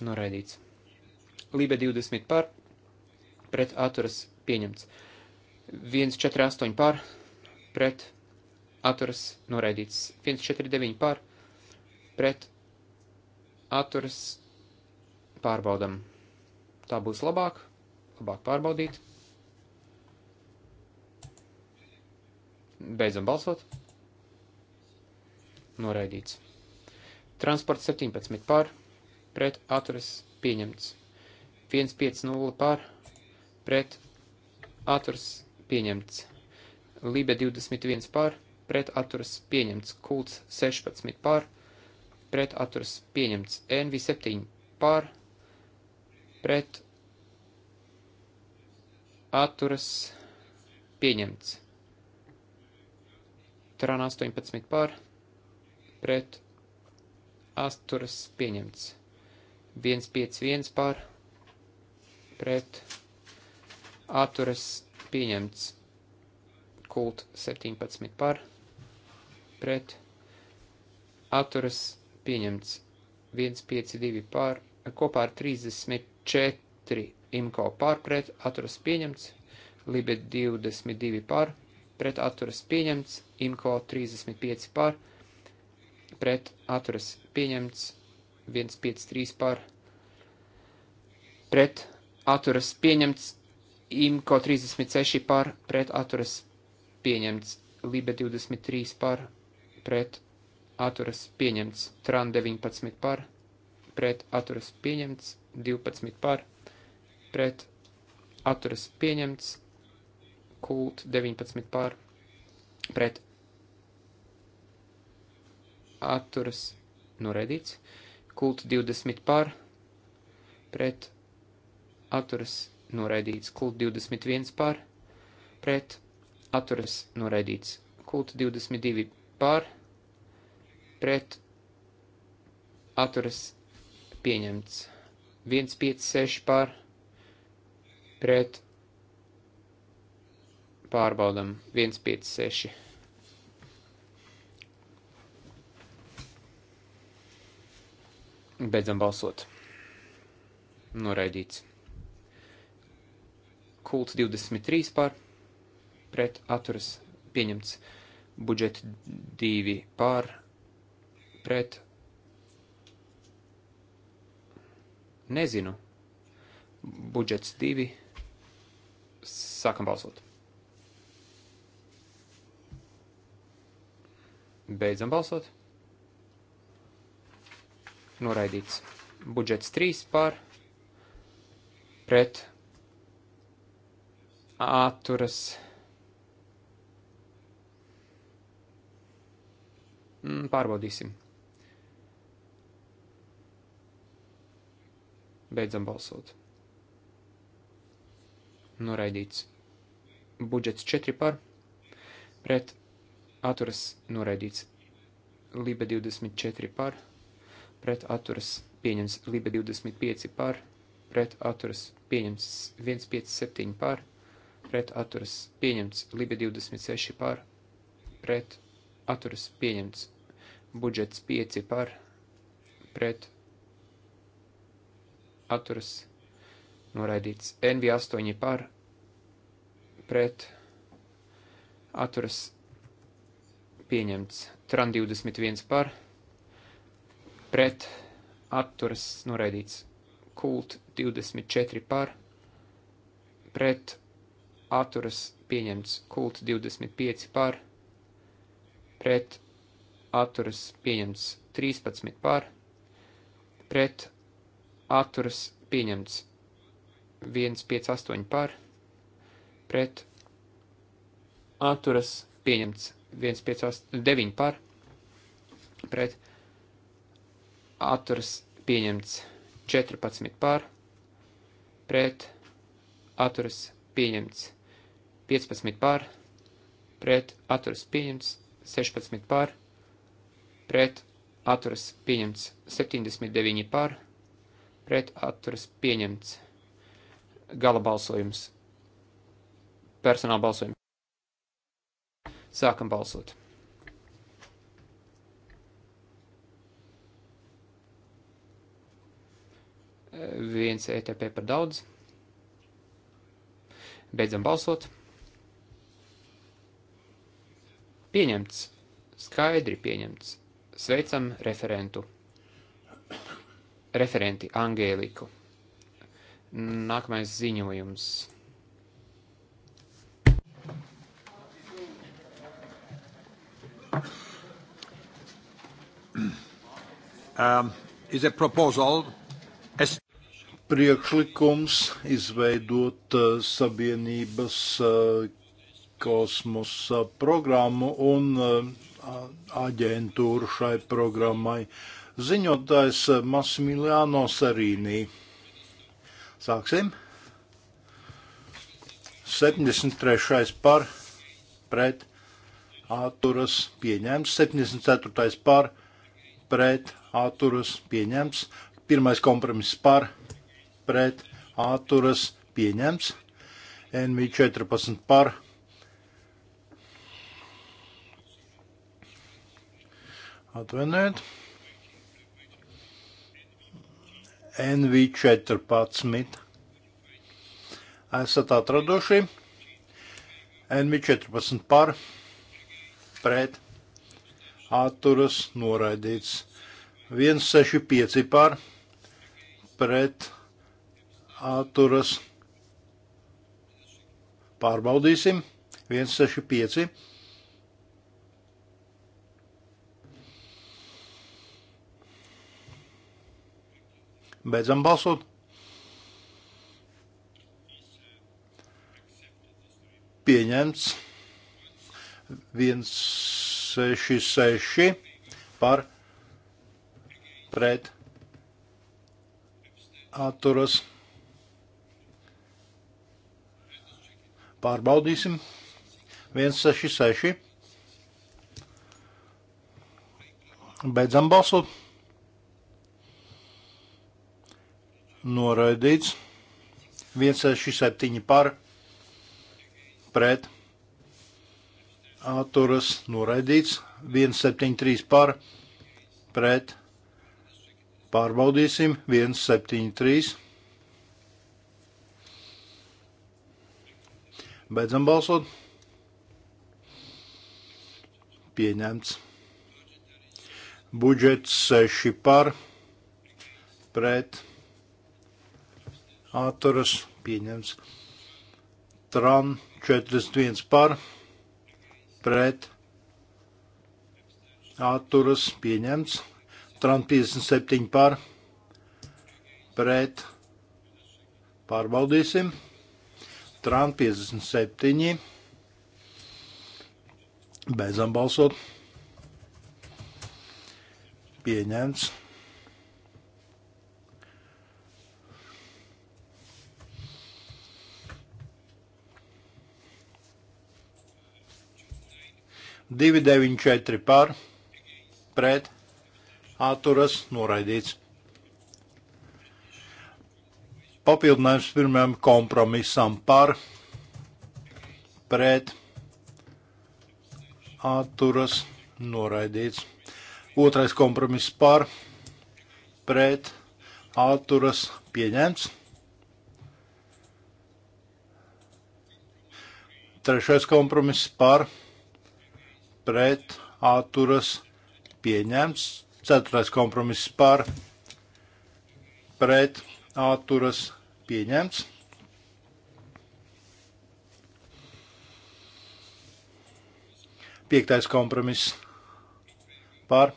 Speaker 3: Noraidīts. Lībe 20 par, pret atturas pieņemts. 148 par, pret atturas noraidīts. 149 par, pret atturas pārbaudam. Tā būs labāk, labāk pārbaudīt. Beidzam balsot noraidīts. Transports 17 pār, pret atturas pieņemts. 150 pār, pret atturas pieņemts. Libe 21 pār, pret atturas pieņemts. Kults 16 pār, pret atturas pieņemts. NV 7 pār, pret atturas pieņemts. Tran 18 pār, pret asturas pieņemts. 151 pār pret atturas pieņemts. Kult 17 pār pret atturas pieņemts. 152 pār kopā ar 34 imko pār pret atturas pieņemts. Libe 22 pār pret atturas pieņemts. Imko 35 pār pret pret atturas pieņemts 153 par pret atturas pieņemts IMCO 36 par pret atturas pieņemts LIBE 23 par pret atturas pieņemts TRAN 19 par pret atturas pieņemts 12 par pret atturas pieņemts KULT 19 par pret atturas noraidīts, kult 20 par, pret atturas noraidīts, kult 21 par, pret atturas noraidīts, kult 22 par, pret atturas pieņemts, 156 par, pret pārbaudam, 156. Beidzam balsot. Noraidīts. Kults 23 par, pret atturas pieņemts. Budžet 2 par, pret. Nezinu. Budžets 2. Sākam balsot. Beidzam balsot noraidīts. Budžets 3 par, pret, atturas. Mm, pārbaudīsim. Beidzam balsot. Noraidīts. Budžets 4 par, pret, atturas noraidīts. Libe 24 par, pret pret atturas pieņems Libe 25 par, pret atturas pieņems 157 par, pret atturas pieņemts Libe 26 par, pret atturas pieņemts budžets 5 par, pret atturas noraidīts NV 8 par, pret atturas pieņemts Tran 21 par, pret pret atturas noraidīts. Kult 24 par pret atturas pieņemts. Kult 25 par pret atturas pieņemts. 13 par pret atturas pieņemts. 158 par pret atturas pieņemts. 159 par pret atturas pieņemts atturas pieņemts 14 par, pret atturas pieņemts 15 par, pret atturas pieņemts 16 par, pret atturas pieņemts 79 par, pret atturas pieņemts gala balsojums, personāla balsojums. Sākam balsot! viens ETP par daudz. Beidzam balsot. Pieņemts. Skaidri pieņemts. Sveicam referentu. Referenti Angēliku. Nākamais ziņojums.
Speaker 1: Um, is a proposal priekšlikums izveidot eh, Savienības eh, kosmosa programmu un eh, aģentūru šai programmai. Ziņotājs Massimiliano Sarīnī. Sāksim. 73. par pret atturas pieņems, 74. par pret atturas pieņems, pirmais kompromiss par pret atturas pieņems. NV 14 par. Atvainojiet. NV 14. Esat atraduši. NV 14 par. Pret atturas noraidīts. 165 par pret atturas pārbaudīsim. 165. Beidzam balsot. Pieņemts 166 par pret atturas pārbaudīsim Pārbaudīsim. 166. Beidzam balsot. Noraidīts. 167 par pret atturas noraidīts. 173 par pret pārbaudīsim. 173. Beidzam balsot. Pieņemts. Budžets 6 par, pret, atturas, pieņemts. Tran 41 par, pret, atturas, pieņemts. Tran 57 par, pret, pārbaudīsim. Trump 57. Beidzam balsot. Pieņemts. Divi deviņi četri par, pret, atturas, noraidīts papildinājums pirmajam kompromisam par pret atturas noraidīts. Otrais kompromiss par pret atturas pieņemts. Trešais kompromiss par pret atturas pieņemts. Ceturtais kompromiss par pret atturas pieniąc. Piektais kompromiss par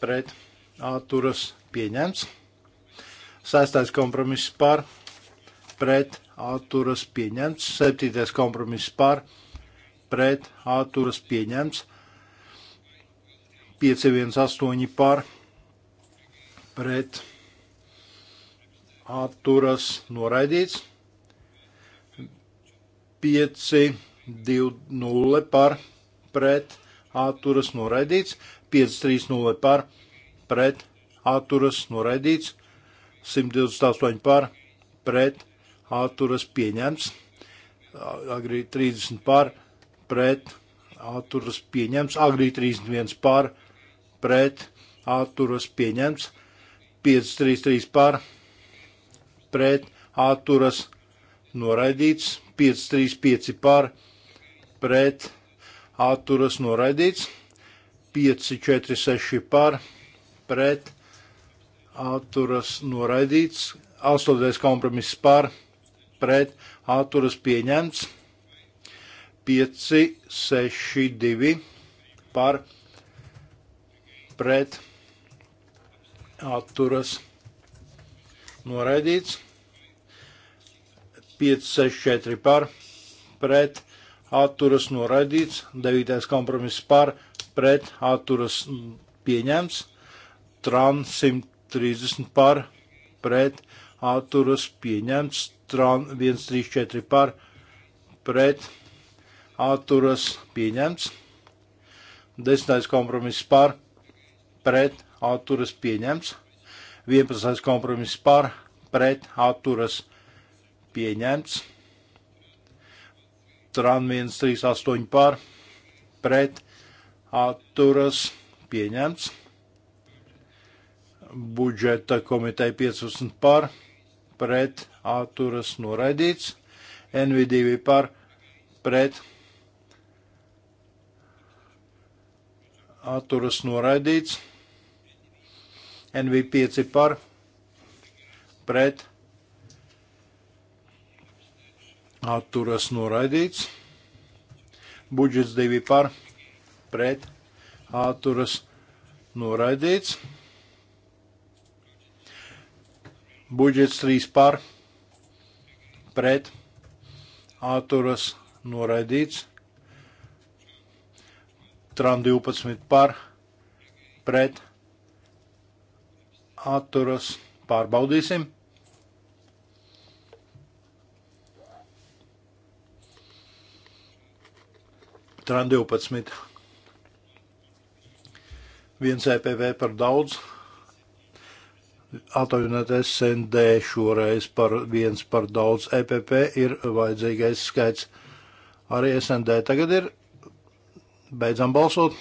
Speaker 1: pret atturas pieņemts. Sestais kompromiss par pret atturas pieņemts. Septītais kompromiss par pret atturas pieņemts. 518 par pret atturas noraidīts. 5, 2, 0 par pret atturas noraidīts. 5, 3, 0 par pret atturas noraidīts. 128 par pret atturas pieņemts. Agrī 30 par pret atturas pieņemts. Agrī 31 par pret atturas pieņemts. 5, 3, 3 par pret pret atturas noraidīts, 535 par pret atturas noraidīts, 546 par pret atturas noraidīts, 8. kompromiss par pret atturas pieņemts, 562 par pret atturas noraidīts atturas noraidīts. 5, 6, 4 par, pret, atturas noraidīts. 9. kompromiss par, pret, atturas pieņemts. Tran 130 par, pret, atturas pieņemts. Tran 134 par, pret, atturas pieņemts. 10. kompromiss par, pret, atturas pieņemts. 11. kompromiss par, pret, atturas pieņemts. Tran 138 par, pret, atturas pieņemts. Budžeta komiteja 15 par, pret, atturas noraidīts. NV2 par, pret, atturas noraidīts. NV5 par pret atturas noraidīts. Budžets 2 par pret atturas noraidīts. Budžets 3 par pret atturas noraidīts. Tran 12 par pret atturas pārbaudīsim. Tran 12. Viens EPV par daudz. Atvainojiet, SND šoreiz par viens par daudz. EPP ir vajadzīgais skaits. Arī SND tagad ir. Beidzam balsot.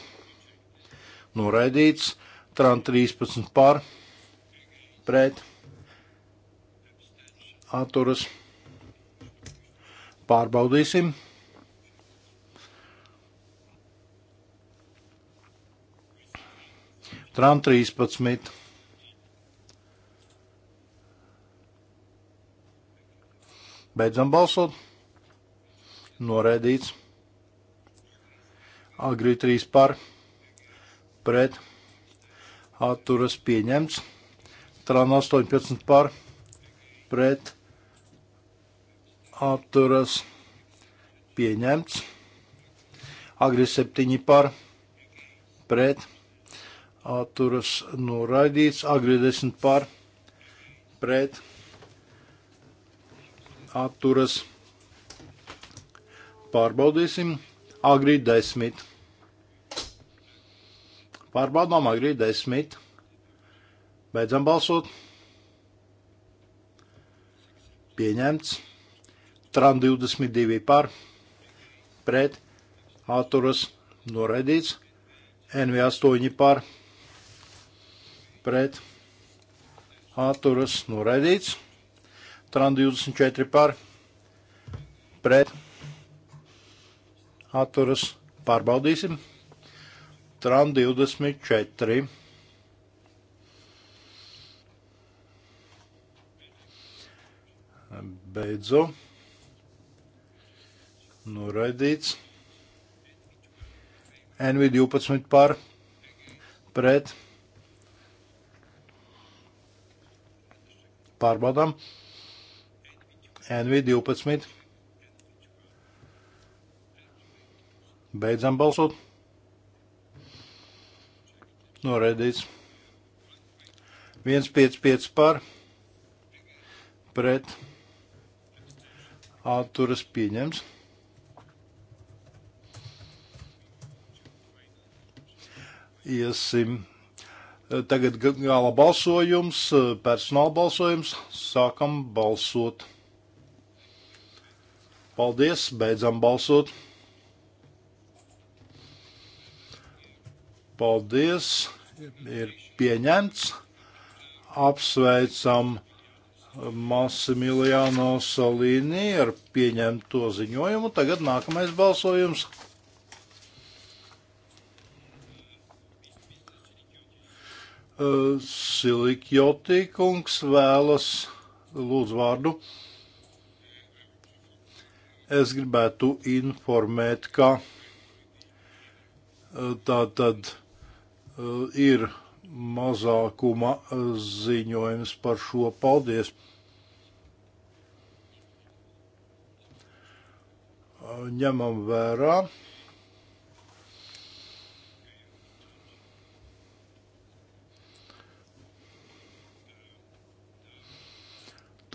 Speaker 1: Noraidīts. Tran 13 pār pret atturas pārbaudīsim. Tram 13. Beidzam balsot. Noraidīts. Agri 3 par. Pret. Atturas pieņemts. Talán 80% par pret atturas pieņemts. Agri 7 par pret atturas noraidīts. Agri 10 par pret atturas pārbaudīsim. Agri 10. Pārbaudām agri 10. Beidzam balsot. Pieņemts. Tran 22 par. Pret. Atturas noraidīts. NV8 par. Pret. Atturas noraidīts. Tran 24 par. Pret. Atturas pārbaudīsim. Tran 24 par. beidzo. Noraidīts. NV12 par pret. Pārbaudām. NV12. Beidzam balsot. Noraidīts. 155 par pret atturas pieņems. Iesim. Tagad gala balsojums, e, personāla balsojums. Sākam balsot. Paldies, beidzam balsot. Paldies, ir pieņemts. Apsveicam Masimiliano Salīnī ar pieņemto ziņojumu. Tagad nākamais balsojums. E, Silikjotī kungs vēlas lūdzu vārdu. Es gribētu informēt, ka e, tā tad e, ir mazākuma ziņojums par šo. Paldies! Ņemam vērā.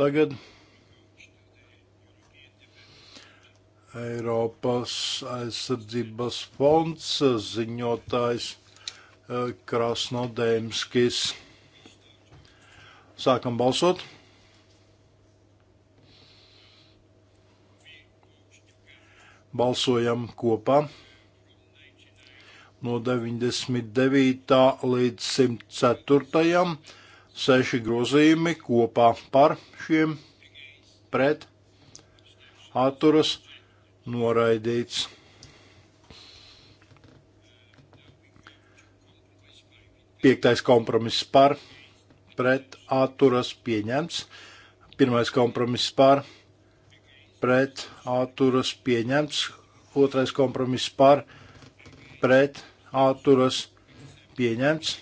Speaker 1: Tagad Eiropas aizsardzības fonds ziņotājs Krasnodemskis. Sākam balsot. Balsojam kopā no 99. līdz 104. seši grozījumi kopā par šiem pret atturas noraidīts. Piektais kompromiss par, pret atturas pieņemts. Pirmais kompromiss par, pret atturas pieņemts. Otrais kompromiss par, pret atturas pieņemts.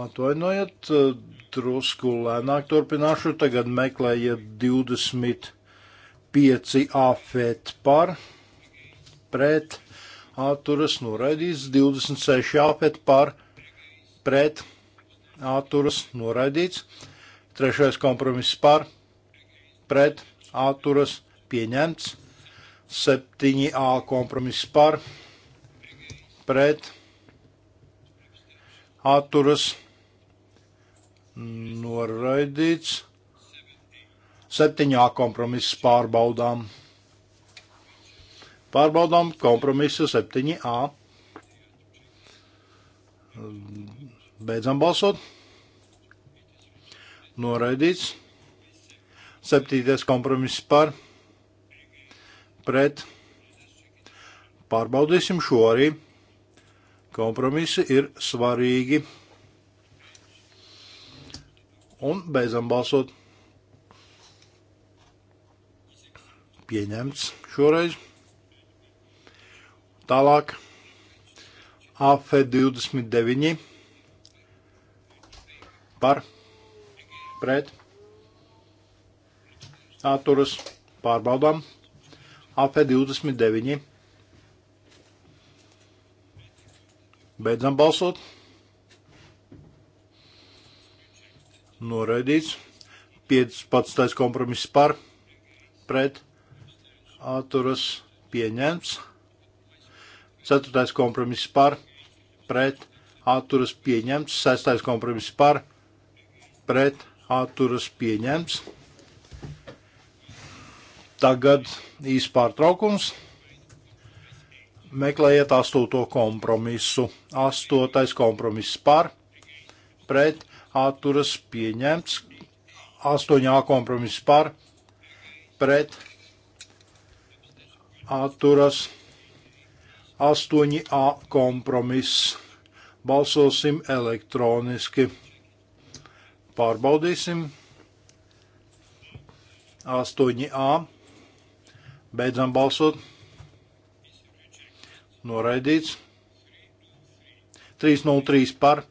Speaker 1: Atvainojiet, drusku lēnāk turpināšu. Tagad meklējiet 25 afet par, pret atturas noraidīts, nu, 26 jāpēt par pret atturas noraidīts, nu, trešais kompromiss par pret atturas pieņemts, 7a kompromiss par pret atturas noraidīts, nu, 7a kompromiss pārbaudām. Pārbaudām kompromisu 7a. Beidzam balsot. Noraidīts. Septītais kompromiss par. Pret. Pārbaudīsim šo arī. Kompromisi ir svarīgi. Un beidzam balsot. Pieņemts šoreiz. Tālāk. AF 29 e par pret atturas pārbaudām AF 29 e beidzam balsot noraidīts 15. kompromiss par pret atturas pieņemts Ceturtais kompromiss par, pret, atturas pieņemts. Sestais kompromiss par, pret, atturas pieņemts. Tagad īs pārtraukums. Meklējiet astoto kompromisu. Astotais kompromiss par, pret, atturas pieņemts. Astoņā kompromiss par, pret, atturas pieņemts atturas 8a kompromiss. Balsosim elektroniski. Pārbaudīsim. 8a. Beidzam balsot. Noraidīts. 303 par.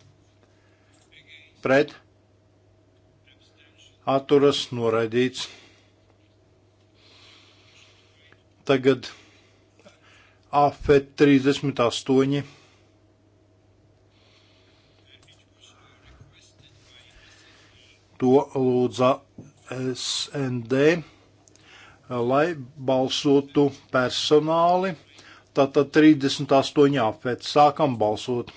Speaker 1: Pret. Atturas noraidīts. Tagad AFET 38. To lūdza SND, lai balsotu personāli. Tātad 38 AFET. Sākam balsot.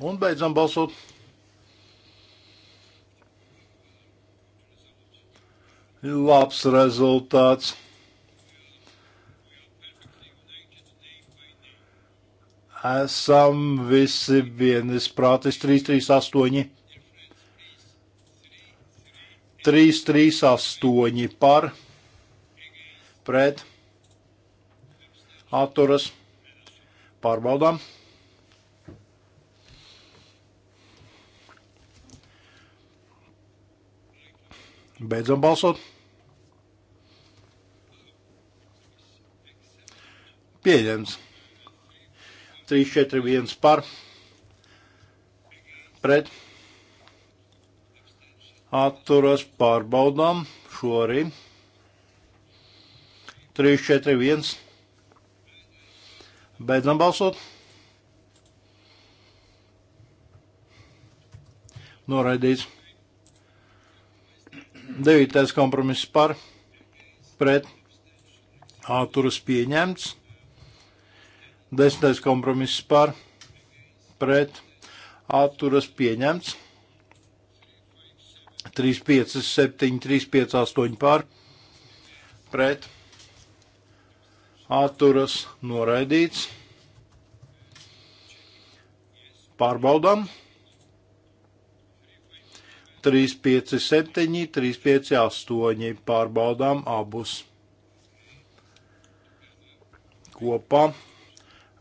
Speaker 1: Un beidzam balsot. labs rezultāts. Esam visi vienis prātis 338. 338 par pret atturas pārbaudām. Beidzam balsot. Pieņems. 3, 4, 1 par. Pret. Atturas pārbaudām šo arī. 3, 4, 1. Beidzam balsot. Noraidīts. 9. kompromiss par. Pret. Atturas pieņemts. Desmitais kompromiss par pret atturas pieņemts. 3, 5, 7, 3, 5, 8 par pret atturas noraidīts. Pārbaudām. 3, 5, 7, 3, 5, 8. Pārbaudām abus kopā.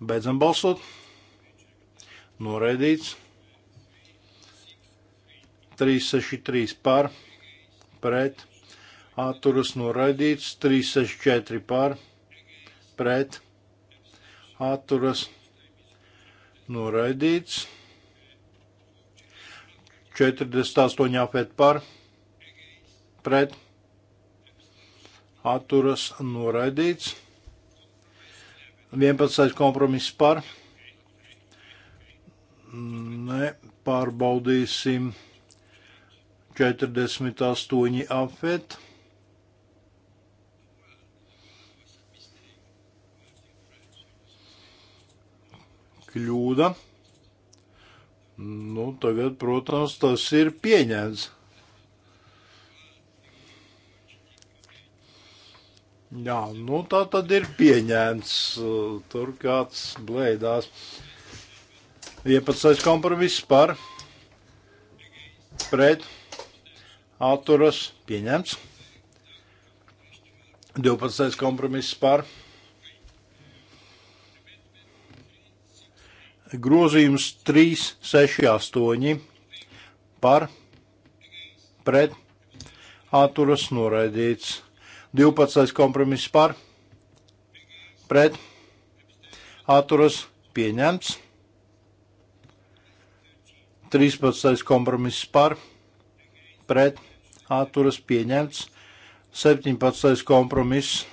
Speaker 1: Beidzam balsot. Noraidīts. 363 pār, pret, atturas noraidīts, 364 pār, pret, atturas noraidīts, 48 apēt pār, pret, atturas noraidīts, 11. kompromiss par. Nē, pārbaudīsim 48 afet. Kļūda. Nu, tagad, protams, tas ir pieņēmts. Jā, nu tā tad ir pieņēmts tur kāds blēdās. 11. kompromiss par pret atturas pieņemts. 12. kompromiss par grozījums 3, 6, 8 par pret atturas noraidīts. 12. kompromiss par, pret, atturas pieņemts. 13. kompromiss par, pret, atturas pieņemts. 17. kompromiss.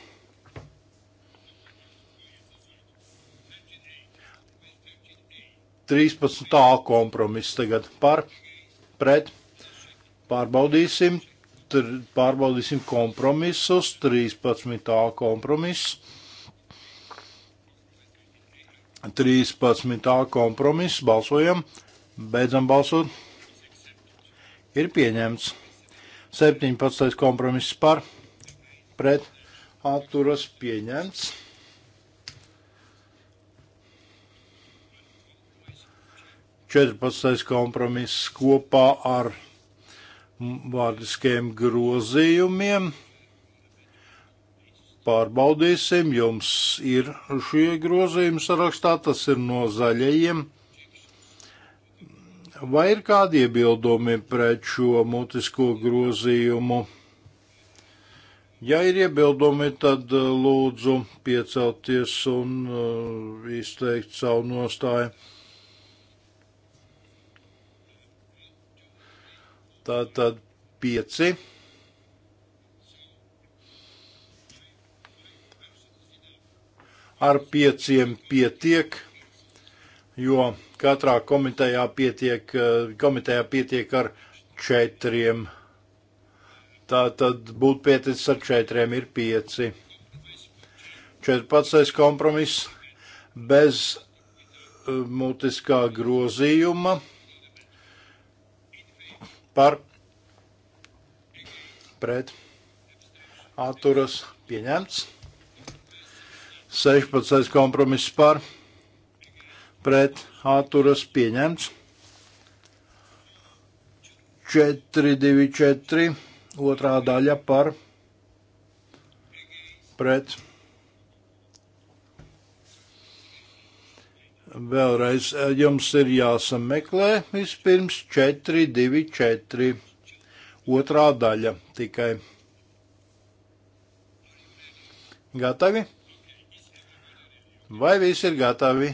Speaker 1: Trīspadsmitā kompromiss tagad par, pret, pārbaudīsim, pārbaudīsim kompromisus, 13. kompromiss. 13. kompromiss, balsojam, beidzam balsot. Ir pieņemts. 17. kompromiss par, pret, atturas pieņemts. Četrpadsmitais kompromiss kopā ar vārdiskiem grozījumiem. Pārbaudīsim, jums ir šie grozījumi sarakstā, tas ir no zaļajiem. Vai ir kādi iebildumi pret šo mutisko grozījumu? Ja ir iebildumi, tad uh, lūdzu piecelties un uh, izteikt savu nostāju. Tā tad 5. Ar pieciem pietiek, jo katrā komitejā pietiek, eh, komitejā pietiek ar četriem. Tā tad būtu pieticis ar četriem, ir pieci. 14. kompromiss bez eh, mutiskā grozījuma par pret atturas pieņemts. 16. kompromiss par pret atturas pieņemts. 4, 2, 4, otrā daļa par pret atturas pieņemts Vēlreiz e, jums ir jāsameklē vispirms 4, 2, 4. Otrā daļa tikai. Gatavi? Vai visi ir gatavi?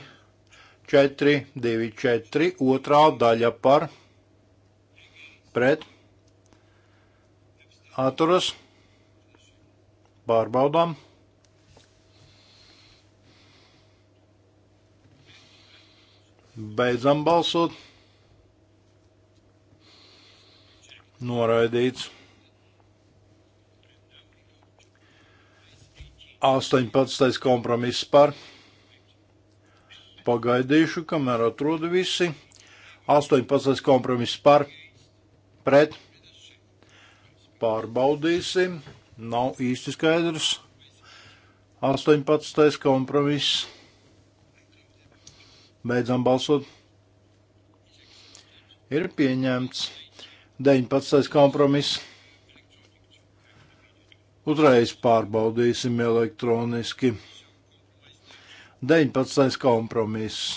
Speaker 1: 4, 2, 4. Otrā daļa par pret atturas pārbaudām. Beidzam balsot. Noraidīts. 18. kompromiss par. Pagaidīšu, kamēr atrodu visi. 18. kompromiss par. Pret. Pārbaudīsim. Nav īsti skaidrs. 18. kompromiss. Beidzam balsot. Ir pieņemts 19. kompromiss. Uzreiz pārbaudīsim elektroniski. 19. kompromiss.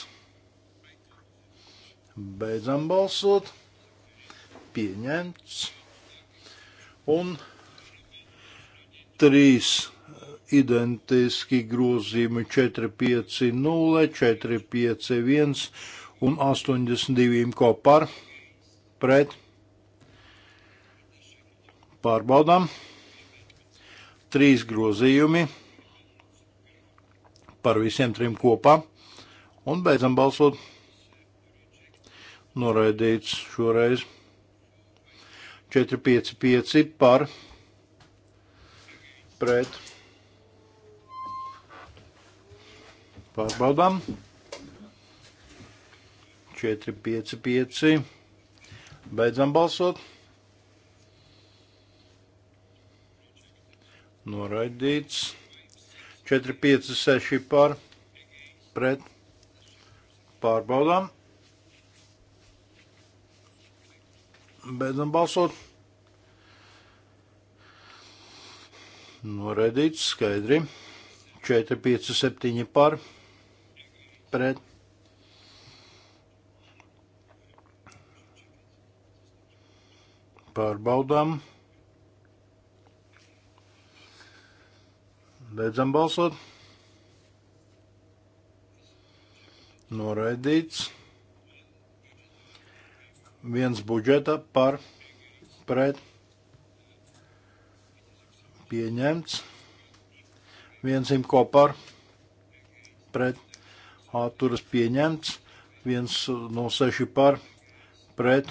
Speaker 1: Beidzam balsot. Pieņemts. Un 3 identiski grozījumi 450, 451 un 82 kopā pret pārbaudām. Trīs grozījumi par visiem trim kopā un beidzam balsot. Noraidīts šoreiz 455 par pret Pārbaudām. 4, 5, 5. Beidzam balsot. Noraidīts. 4, 5, 6 par pret. Pārbaudām. Beidzam balsot. Noraidīts skaidri. 4, 5, 7 par pret pred pārbaudām. Beidzam balsot. Noraidīts. Viens budžeta par pret pieņemts. Viens imko par pret atturas pieņemts, 106 par pret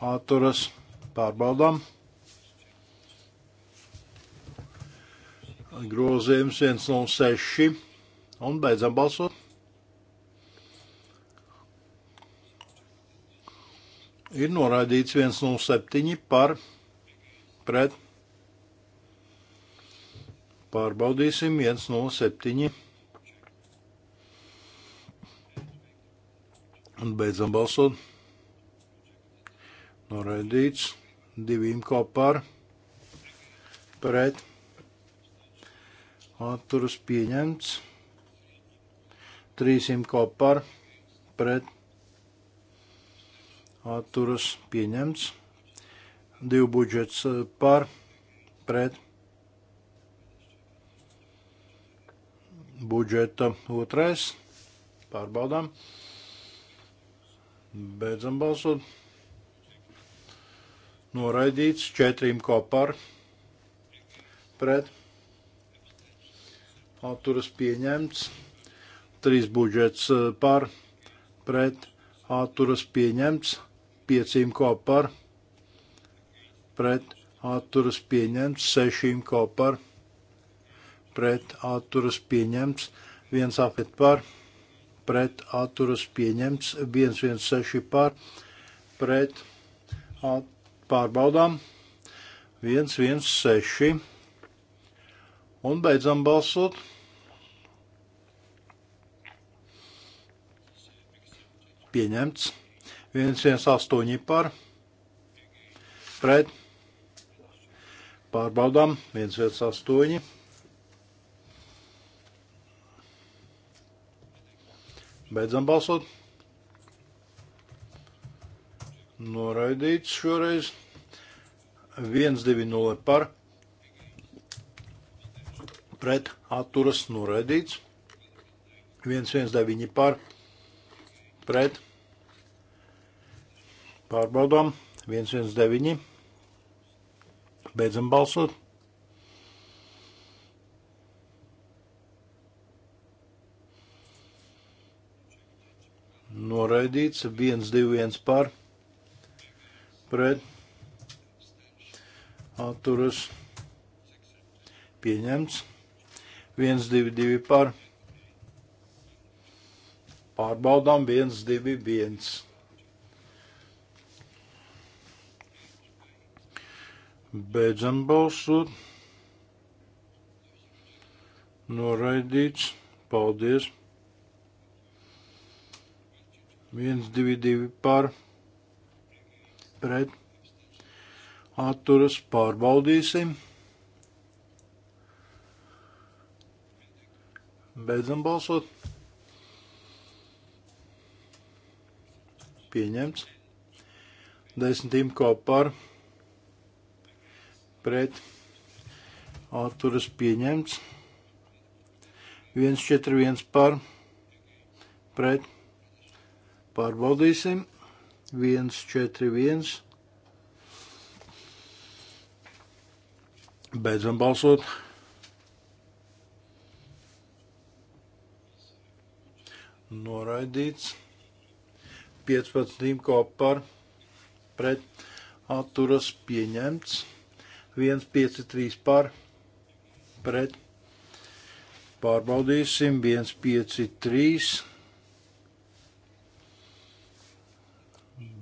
Speaker 1: atturas pārbaudām. Grozījums 106 un beidzam balsot. Ir noraidīts 107 par pret. Pārbaudīsim 107. Beidzam balsot. Noraidīts. Divīm kopā pret. Atturas pieņemts. Trīsim kopā pret. Atturas pieņemts. Divu budžets eh, par pret. Budžeta otrais. Pārbaudām. Beidzam balsot. Noraidīts četriem kopā pret. Atturas pieņemts. Trīs budžets eh, par pret. Atturas pieņemts. Piecīm kopā pret. Atturas pieņemts. Sešīm kopā pret. Atturas pieņemts. Viens apiet par pret pret atturas pieņemts, 116 par pret at, pārbaudām, 116 un beidzam balsot. Pieņemts, 118 par pret pārbaudām, 118. Beidzam balsot. Noraidīts šoreiz. 1-9-0 par. Pret atturas noraidīts. 1-1-9 par. Pret. Pārbaudām. 1-1-9. Beidzam balsot. noraidīts, 1-2-1 par pret atturas pieņemts, 1-2-2 par pārbaudām 1-2-1. Beidzam balsot. Noraidīts. Paldies. 122 par pret atturas pārbaudīsim. Beidzam balsot. Pieņemts. Desmitīm kopā pret atturas pieņemts. 141 par pret atturas pieņemts. Pārbaudīsim. 1, 4, 1. Beidzam balsot. Noraidīts. 15 kopā pret atturas pieņemts. 1, 5, 3 par pret. Pārbaudīsim 1, 5, 3.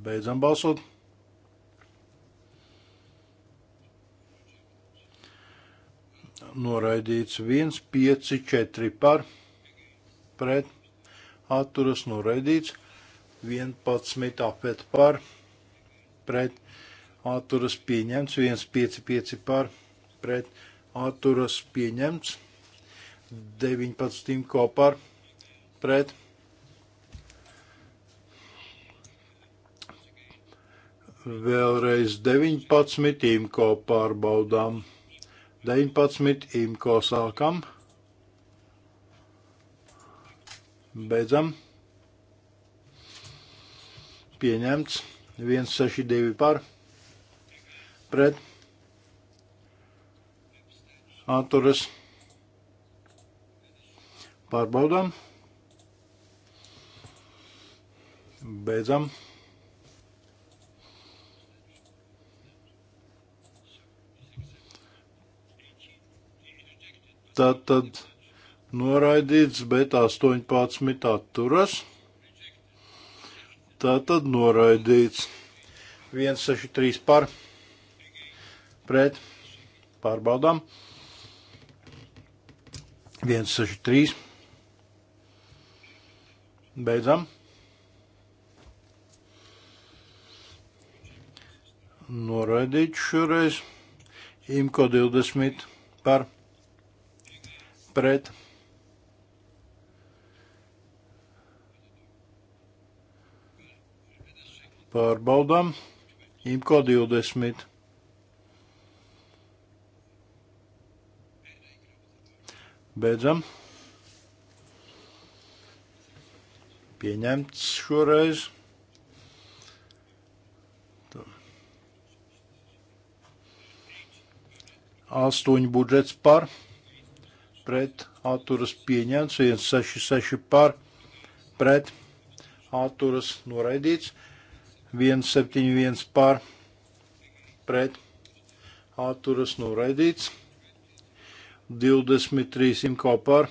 Speaker 1: Beidzam balsot. Noraidīts 1, 5, 4 par pret atturas noraidīts 11 apet par pret atturas pieņemts 1, 5, 5 par pret atturas pieņemts 19 kopā par pret atturas Vēlreiz 19 imko pārbaudām. 19 imko sākam. Beidzam. Pieņemts. 162 par. Pret. Atturas. Pārbaudām. Beidzam. Tātad noraidīts, bet 18 atturas. Tātad noraidīts. 163 par pret pārbaudām. 163. Beidzam. Noraidīt šoreiz. Imko 20 par pret pret. Pārbaudām. Imko 20. Beidzam. Pieņemts šoreiz. Astoņu budžets par pret atturas pieņemts, 166 par pret atturas noraidīts, 171 par pret atturas noraidīts, 23 imko par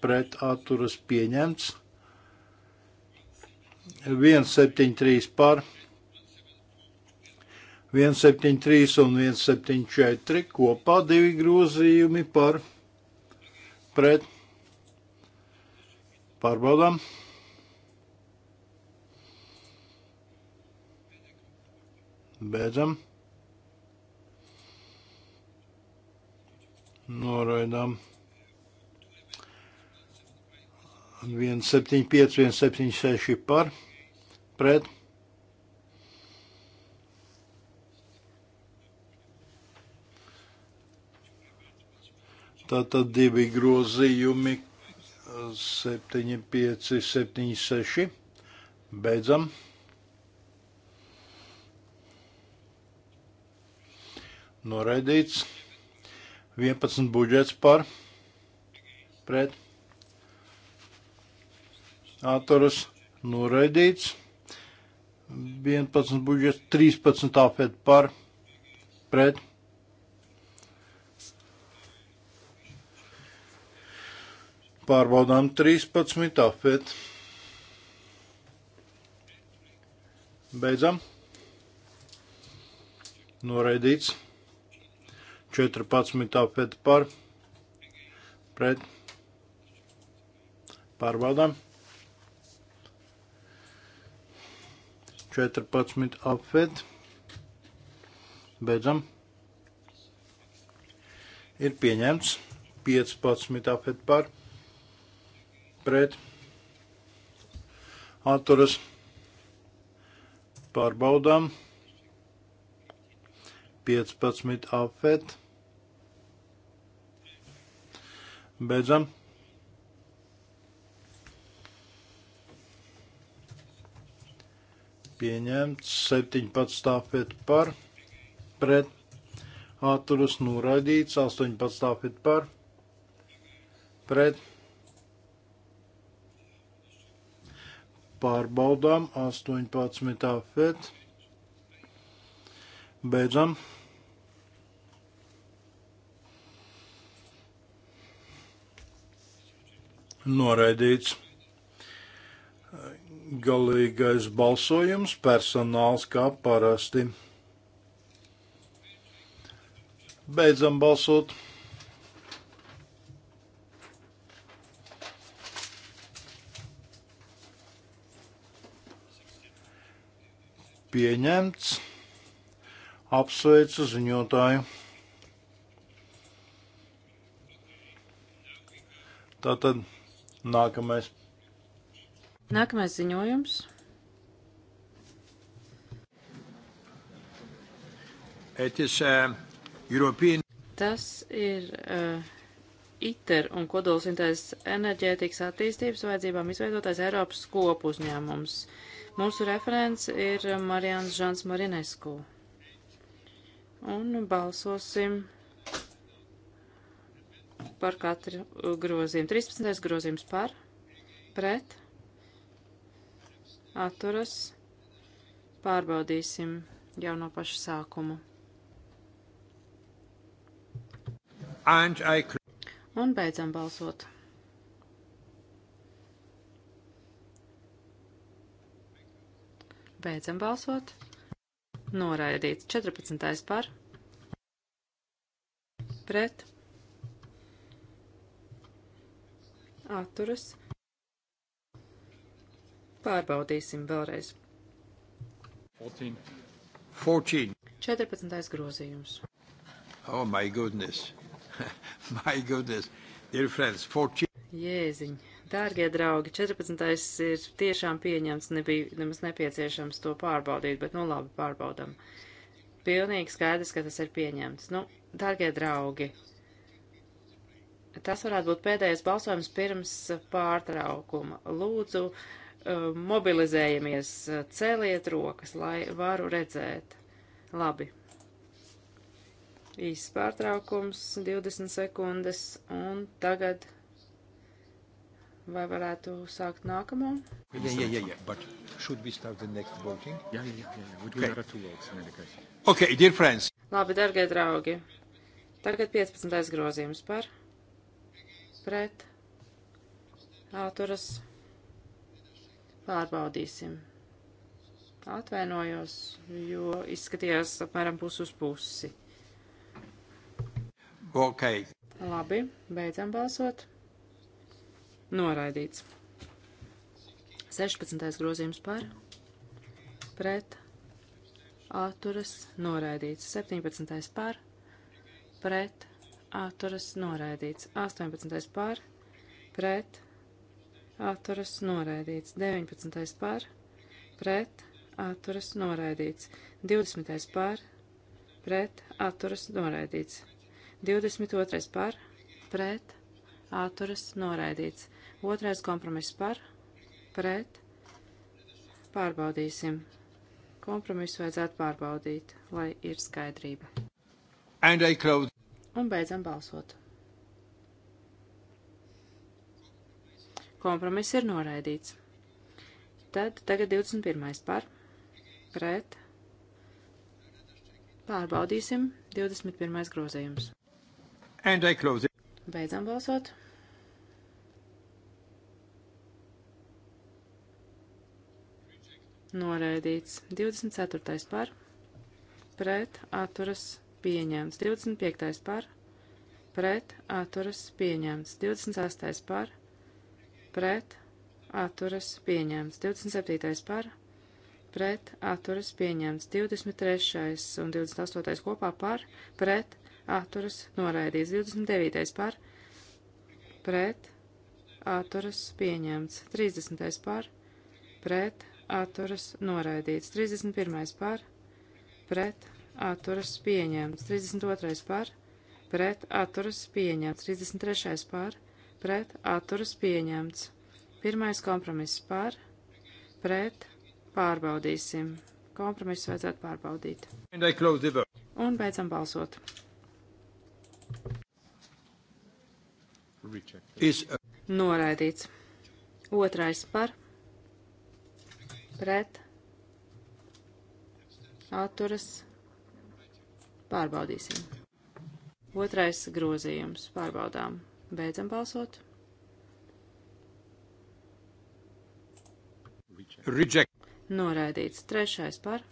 Speaker 1: pret atturas pieņemts, 173 par 173 un 174 kopā divi grozījumi par pret pret pārbaudām. Beidzam. Noraidām. 175, 176 par pret Tātad divi grozījumi 75, 76. Beidzam. Noraidīts. 11 budžets par. Pret. Atturas. Noraidīts. 11 budžets 13 apet par. Pret Pārbaudām 13 afet. Beidzam. Noraidīts. 14 afet par. Pret. Pārbaudām. 14 afet. Beidzam. Ir pieņemts 15 afet par pret atturas pārbaudām 15 afet. Beidzam. Pieņemts 17 afet par pret atturas noraidīts 18 afet par pret atturas pārbaudām 18. fet. Beidzam. Noraidīts galīgais balsojums personāls kā parasti. Beidzam balsot. pieņemts. Apsveicu ziņotāju. Tātad nākamais.
Speaker 2: Nākamais ziņojums.
Speaker 1: Is, uh, European...
Speaker 2: Tas ir uh, ITER un kodolsintēzes enerģētikas attīstības vajadzībām izveidotais Eiropas kopu uzņēmums. Uh, Mūsu referents ir Marijans Žans Marinesku. Un balsosim par katru grozījumu. 13. grozījums par, pret, atturas, pārbaudīsim jau no paša sākuma. Un beidzam balsot. Beidzam balsot. Noraidīts 14. par. Pret. Atturas. Pārbaudīsim vēlreiz.
Speaker 3: 14.
Speaker 1: 14.
Speaker 2: 14. grozījums.
Speaker 1: Oh, my goodness. my goodness. Dear friends, 14.
Speaker 2: Jēziņ. Dārgie draugi, 14. ir tiešām pieņemts, nebija nemaz nepieciešams to pārbaudīt, bet nu labi pārbaudam. Pilnīgi skaidrs, ka tas ir pieņemts. Nu, dārgie draugi, tas varētu būt pēdējais balsojums pirms pārtraukuma. Lūdzu, eh, mobilizējamies, celiet rokas, lai varu redzēt. Labi. Īsts pārtraukums, 20 sekundes, un tagad Vai varētu sākt nākamo?
Speaker 1: Jā, jā, jā, jā, but should we start the next voting? Jā, jā, jā, jā. would we okay. have two votes in any case? Okay, dear friends.
Speaker 2: Labi, dargie draugi. Tagad 15. grozījums par pret āturas pārbaudīsim. Atvainojos, jo izskatījās apmēram pus uz pusi. Ok. Labi, beidzam balsot noraidīts. 16. grozījums par, pret, atturas, noraidīts. 17. par, pret, atturas, noraidīts. 18. par, pret, atturas, noraidīts. 19. par, pret, atturas, noraidīts. 20. par, pret, atturas, noraidīts. 22. par, pret, atturas, noraidīts. Otrais kompromiss par, pret, pārbaudīsim. Kompromisu vajadzētu pārbaudīt, lai ir skaidrība. Un beidzam balsot. Kompromiss ir noraidīts. Tad tagad 21. par, pret, pārbaudīsim 21. grozījums. Beidzam balsot. noraidīts. 24. par, pret, atturas, pieņemts. 25. par, pret, atturas, pieņemts. 26. par, pret, atturas, pieņemts. 27. par, pret, atturas, pieņemts. 23. un 28. kopā par, pret, atturas, noraidīts. 29. par, pret, atturas, pieņemts. 30. par, pret, atturas noraidīts. 31. par pret atturas pieņemts. 32. par pret atturas pieņemts. 33. par pret atturas pieņemts. Pirmais kompromiss par pret pārbaudīsim. Kompromiss vajadzētu pārbaudīt. Un beidzam balsot. Noraidīts. Otrais par pret atturas pārbaudīsim. Otrais grozījums pārbaudām. Beidzam balsot. Reject. Noraidīts. Trešais par.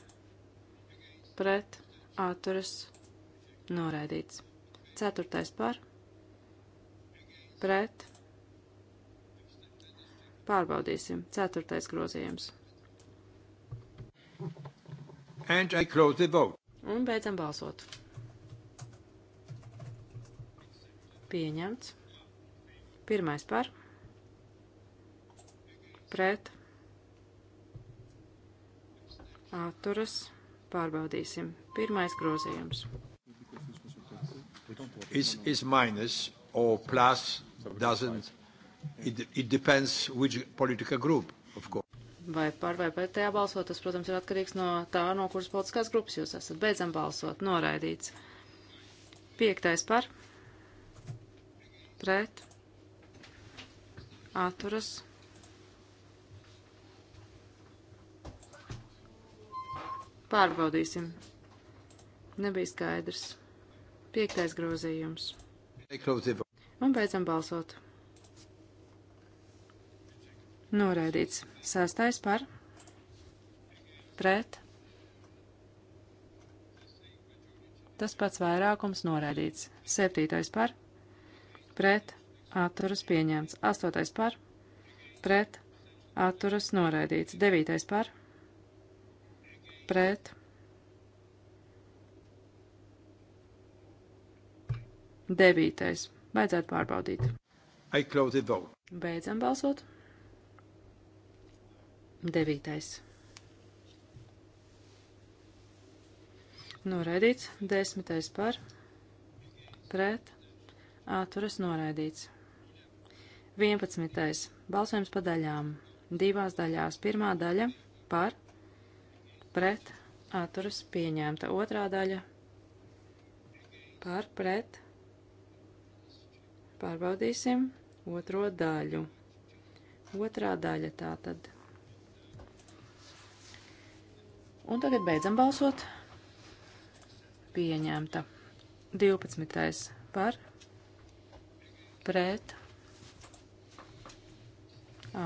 Speaker 2: Pret. Atturas. Noraidīts. Ceturtais par. Pret. Pārbaudīsim. Ceturtais grozījums.
Speaker 3: And I close the vote.
Speaker 2: Un beidzam balsot. Pieņemts. Pirmais par. Pret. Atturas. Pārbaudīsim. Pirmais grozījums.
Speaker 1: Is, is minus or plus doesn't. It, it depends which
Speaker 3: political group, of course
Speaker 2: vai par vai pret tajā balsot. Tas, protams, ir atkarīgs no tā, no kuras politiskās grupas jūs esat. Beidzam balsot. Noraidīts. Piektais par. Pret. Atturas. Pārbaudīsim. Nebija skaidrs. Piektais grozījums. Un beidzam balsot. Noraidīts. Sastais par. Pret. Tas pats vairākums noraidīts. Septītais par. Pret. Atturas pieņemts. Astotais par. Pret. Atturas noraidīts. Devītais par. Pret. Devītais. Vajadzētu pārbaudīt. Beidzam balsot. Devītais. Noraidīts. Desmitais par. Pret. Atturas noraidīts. Vienpadsmitais. Balsojums pa daļām. Divās daļās. Pirmā daļa par. Pret. Atturas pieņemta. Otrā daļa par. Pret. Pārbaudīsim otro daļu. Otrā daļa tātad. tad. Un tagad beidzam balsot. Pieņemta. 12. par, pret,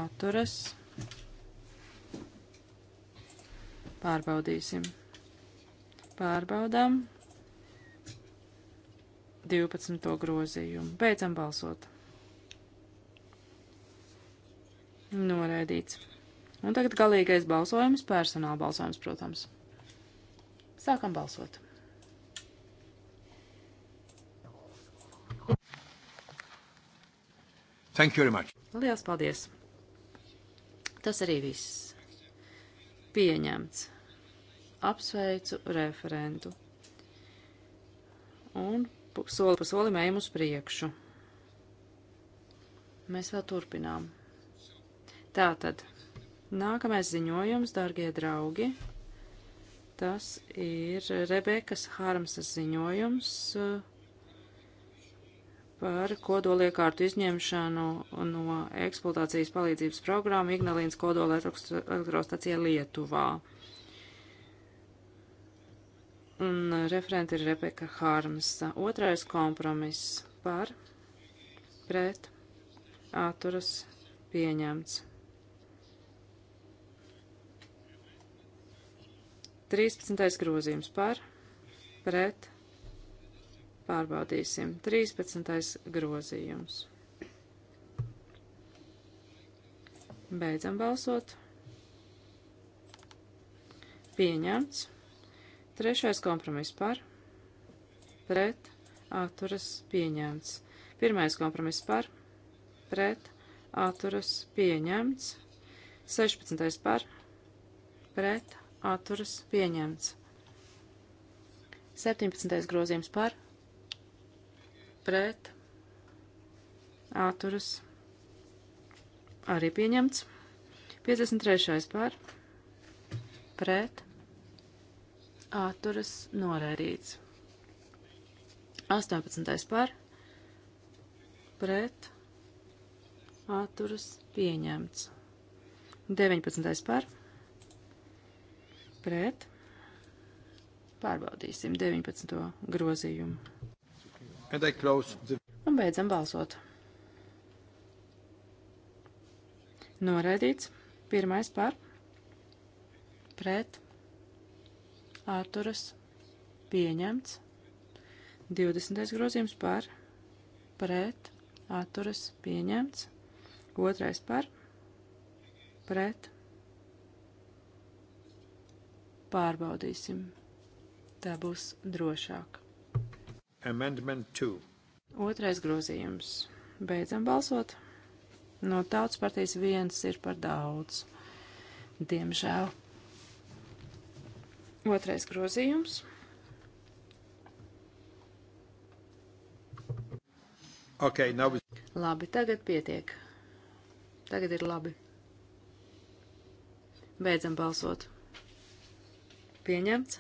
Speaker 2: atturas. Pārbaudīsim. Pārbaudām 12. grozījumu. Beidzam balsot. Noraidīts. Un tagad galīgais balsojums, personāla balsojums, protams. Sākam balsot. Thank you very much. Lielas paldies. Tas arī viss. Pieņemts. Apsveicu referentu. Un soli pa solim ejam uz priekšu. Mēs vēl turpinām. Tātad. Nākamais ziņojums, dārgie draugi, tas ir Rebekas Harmsas ziņojums eh, par kodoliekārtu izņemšanu no eksploatācijas palīdzības programmu Ignalīnas kodola elektrostacija Lietuvā. Un referenti ir Rebeka Harmsa. Otrais kompromiss par, pret, atturas, pieņemts. 13. grozījums par, pret, pārbaudīsim. 13. grozījums. Beidzam balsot. Pieņemts. Trešais kompromiss par, pret, atturas pieņemts. Pirmais kompromiss par, pret, atturas pieņemts. 16. par, pret, atturas pieņemts. 17. grozījums par pret atturas arī pieņemts. 53. par pret atturas norēdīts. 18. par pret atturas pieņemts. 19. par pret. Pārbaudīsim 19. grozījumu. Un beidzam balsot. Noraidīts. Pirmais par. Pret. Atturas. Pieņemts. 20. grozījums par. Pret. Atturas. Pieņemts. Otrais par. Pret. Pārbaudīsim. Tā būs drošāk.
Speaker 1: Amendment 2.
Speaker 2: Otrais grozījums. Beidzam balsot. No tautas partijas viens ir par daudz. Diemžēl. Otrais grozījums. Okay, now... Labi, tagad pietiek. Tagad ir labi. Beidzam balsot pieņemts.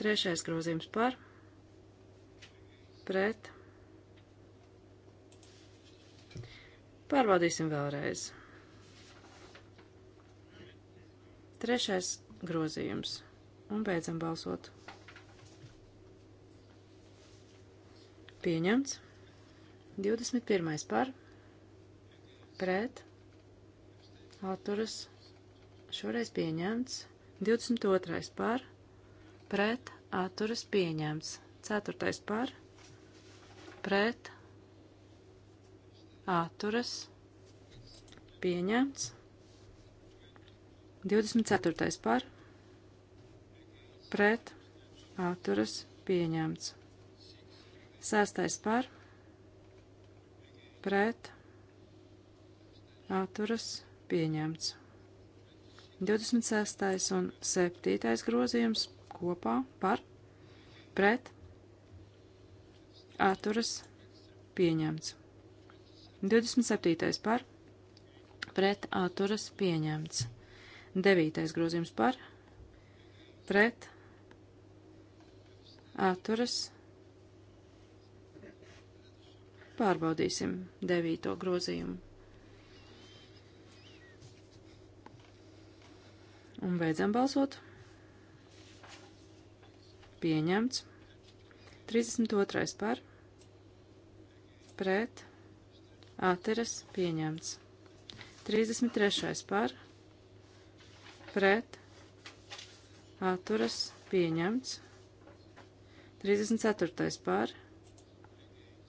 Speaker 2: Trešais grozījums par, pret. Pārbaudīsim vēlreiz. Trešais grozījums. Un beidzam balsot. Pieņemts. 21. par, pret, atturas, šoreiz pieņemts. 22. par, pret, atturas pieņemts. 4. par, pret, atturas pieņemts. 24. par, pret, atturas pieņemts. 6. par, pret, atturas pieņemts. 26. un 7. grozījums kopā par pret atturas pieņemts. 27. par pret atturas pieņemts. 9. grozījums par pret atturas pārbaudīsim 9. grozījumu. Un beidzam balsot. Pieņemts. 32. par. Pret. Atteres. Pieņemts. 33. par. Pret. Atturas. Pieņemts. 34. par.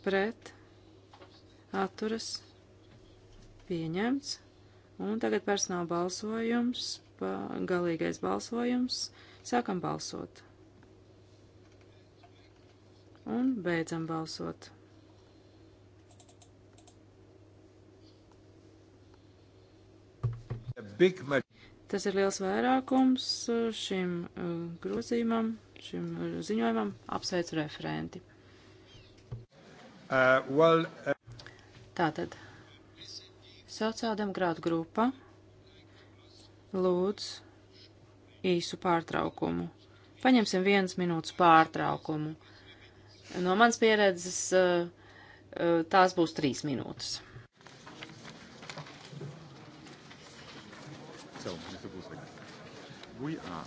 Speaker 2: Pret. Atturas. Pieņemts. Un tagad personāla balsojums galīgais balsojums. Sākam balsot. Un beidzam balsot. Tas ir liels vairākums šim uh, grozījumam, šim uh, ziņojumam. Apsveicu referenti.
Speaker 3: Uh, well, uh...
Speaker 2: Tātad, sociāldemokrāta grupa lūdz īsu pārtraukumu. Paņemsim vienas minūtes pārtraukumu. No manas pieredzes eh, eh, tās būs trīs minūtes.
Speaker 3: So, Mr. Busek, we are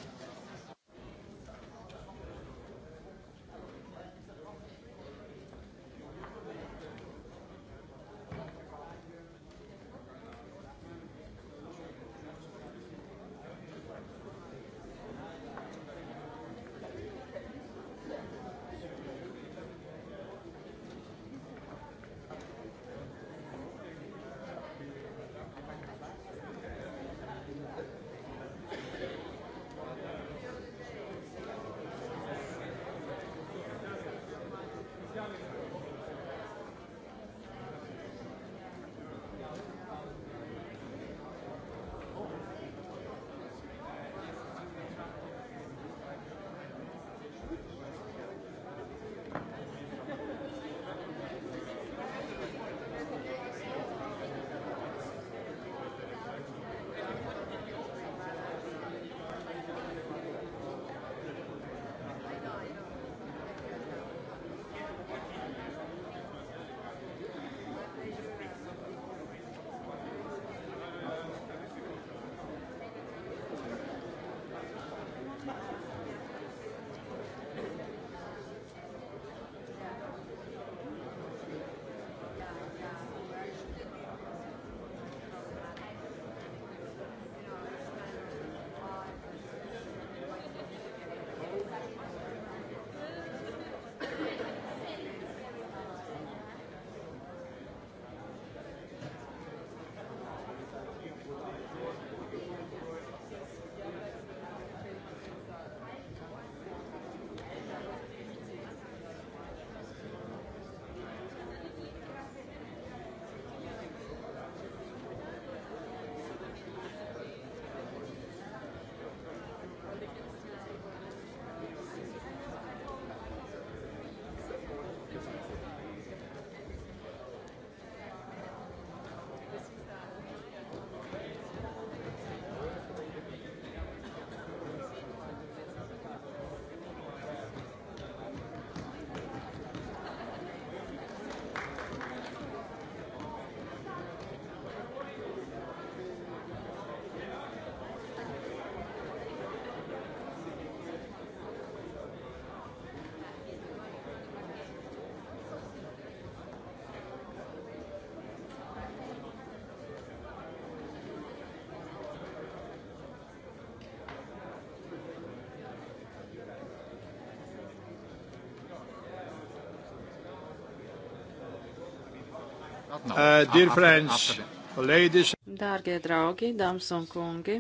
Speaker 1: Uh, dear friends, ladies.
Speaker 2: Dārgie draugi, dāmas un kungi,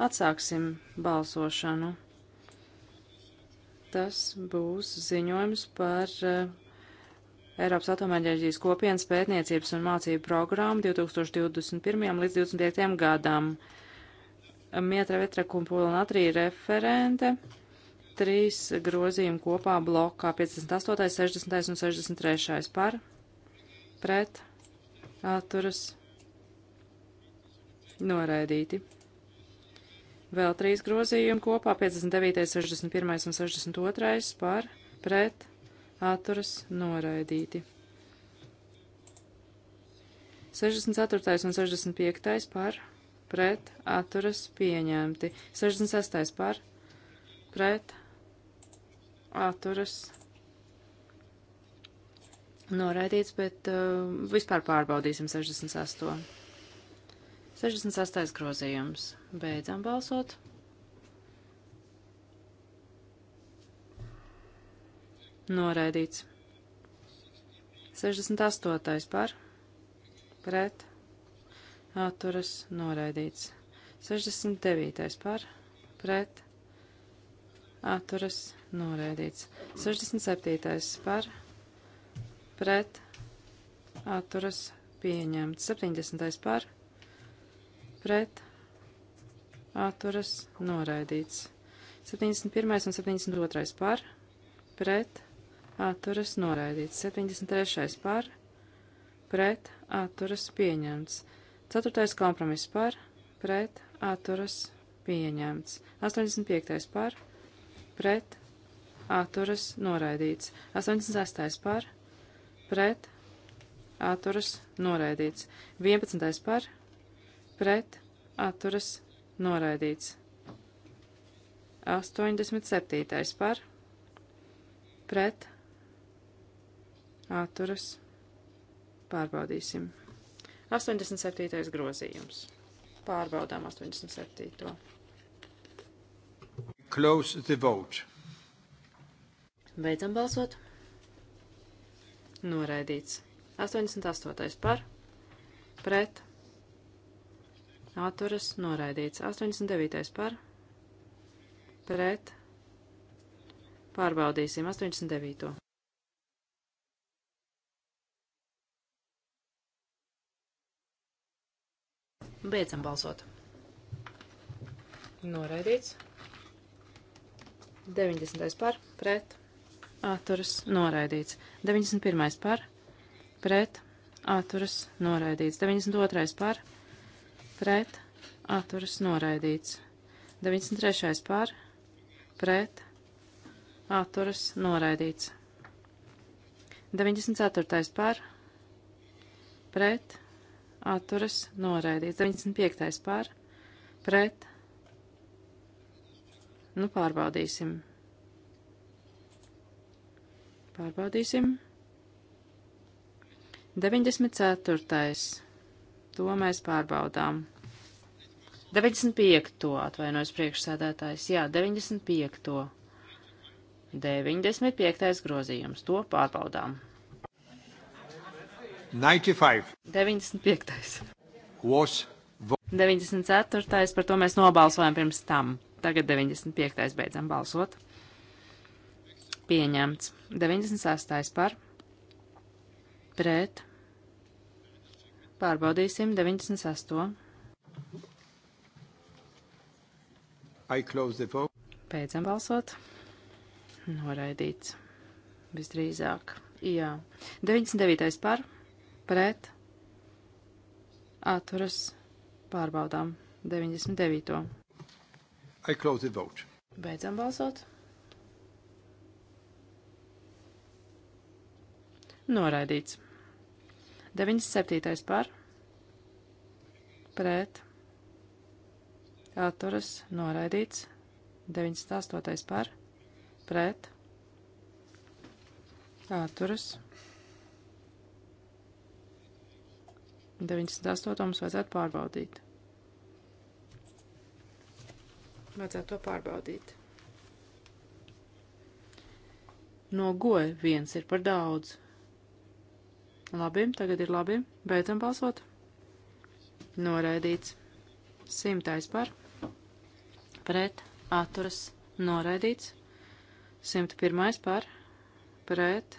Speaker 2: atsāksim balsošanu. Tas būs ziņojums par uh, Eiropas atomenerģijas kopienas pētniecības un mācību programmu 2021. līdz 2025. gadam. Mietra Vetra Kumpula Natrī referente trīs grozījumu kopā blokā 58, 60 un 63 par pret atturas noraidīti. Vēl trīs grozījumi kopā 59, 61 un 62 par pret atturas noraidīti. 64. un 65. par pret atturas pieņemti. 66. par pret atturas pieņemti Noraidīts, bet uh, vispār pārbaudīsim 68. 68. grozījums. Beidzam balsot. Noraidīts. 68. par. Pret. Atturas. Noraidīts. 69. par. Pret. Atturas. Noraidīts. 67. par. Pret pret atturas pieņemts. 70. par pret atturas noraidīts. 71. un 72. par pret atturas noraidīts. 73. par pret atturas pieņemts. 4. kompromiss par pret atturas pieņemts. 85. par pret atturas noraidīts. 86. par pret pret, atturas, noraidīts. 11. par, pret, atturas, noraidīts. 87. par, pret, atturas, pārbaudīsim. 87. grozījums. Pārbaudām 87.
Speaker 1: Close the vote.
Speaker 2: Beidzam balsot noraidīts. 88. par, pret, atturas, noraidīts. 89. par, pret, pārbaudīsim 89. Beidzam balsot. Noraidīts. 90. par, pret, atturas noraidīts. 91. par pret atturas noraidīts. 92. par pret atturas noraidīts. 93. par pret atturas noraidīts. 94. par pret atturas noraidīts. 95. par pret. Nu, pārbaudīsim. Pārbaudīsim. 94. To mēs pārbaudām. 95. To atvainojas priekšsēdētājs. Jā, 95. To. 95. grozījums. To pārbaudām.
Speaker 3: 95.
Speaker 2: 95. Was 94. par to mēs nobalsojam pirms tam. Tagad 95. beidzam balsot pieņemts. 96. par, pret, pārbaudīsim 98. Pēcam balsot, noraidīts, visdrīzāk, jā. 99. par, pret, atturas, pārbaudām 99. Beidzam balsot. Noraidīts. 97. par. Pret. Atturas. Noraidīts. 98. par. Pret. Atturas. 98. mums vajadzētu pārbaudīt. Vajadzētu to pārbaudīt. No goja viens ir par daudz. Labi, tagad ir labi. Beidzam balsot. Noraidīts. Simtais par. Pret. Atturas. Noraidīts. 101 par. Pret.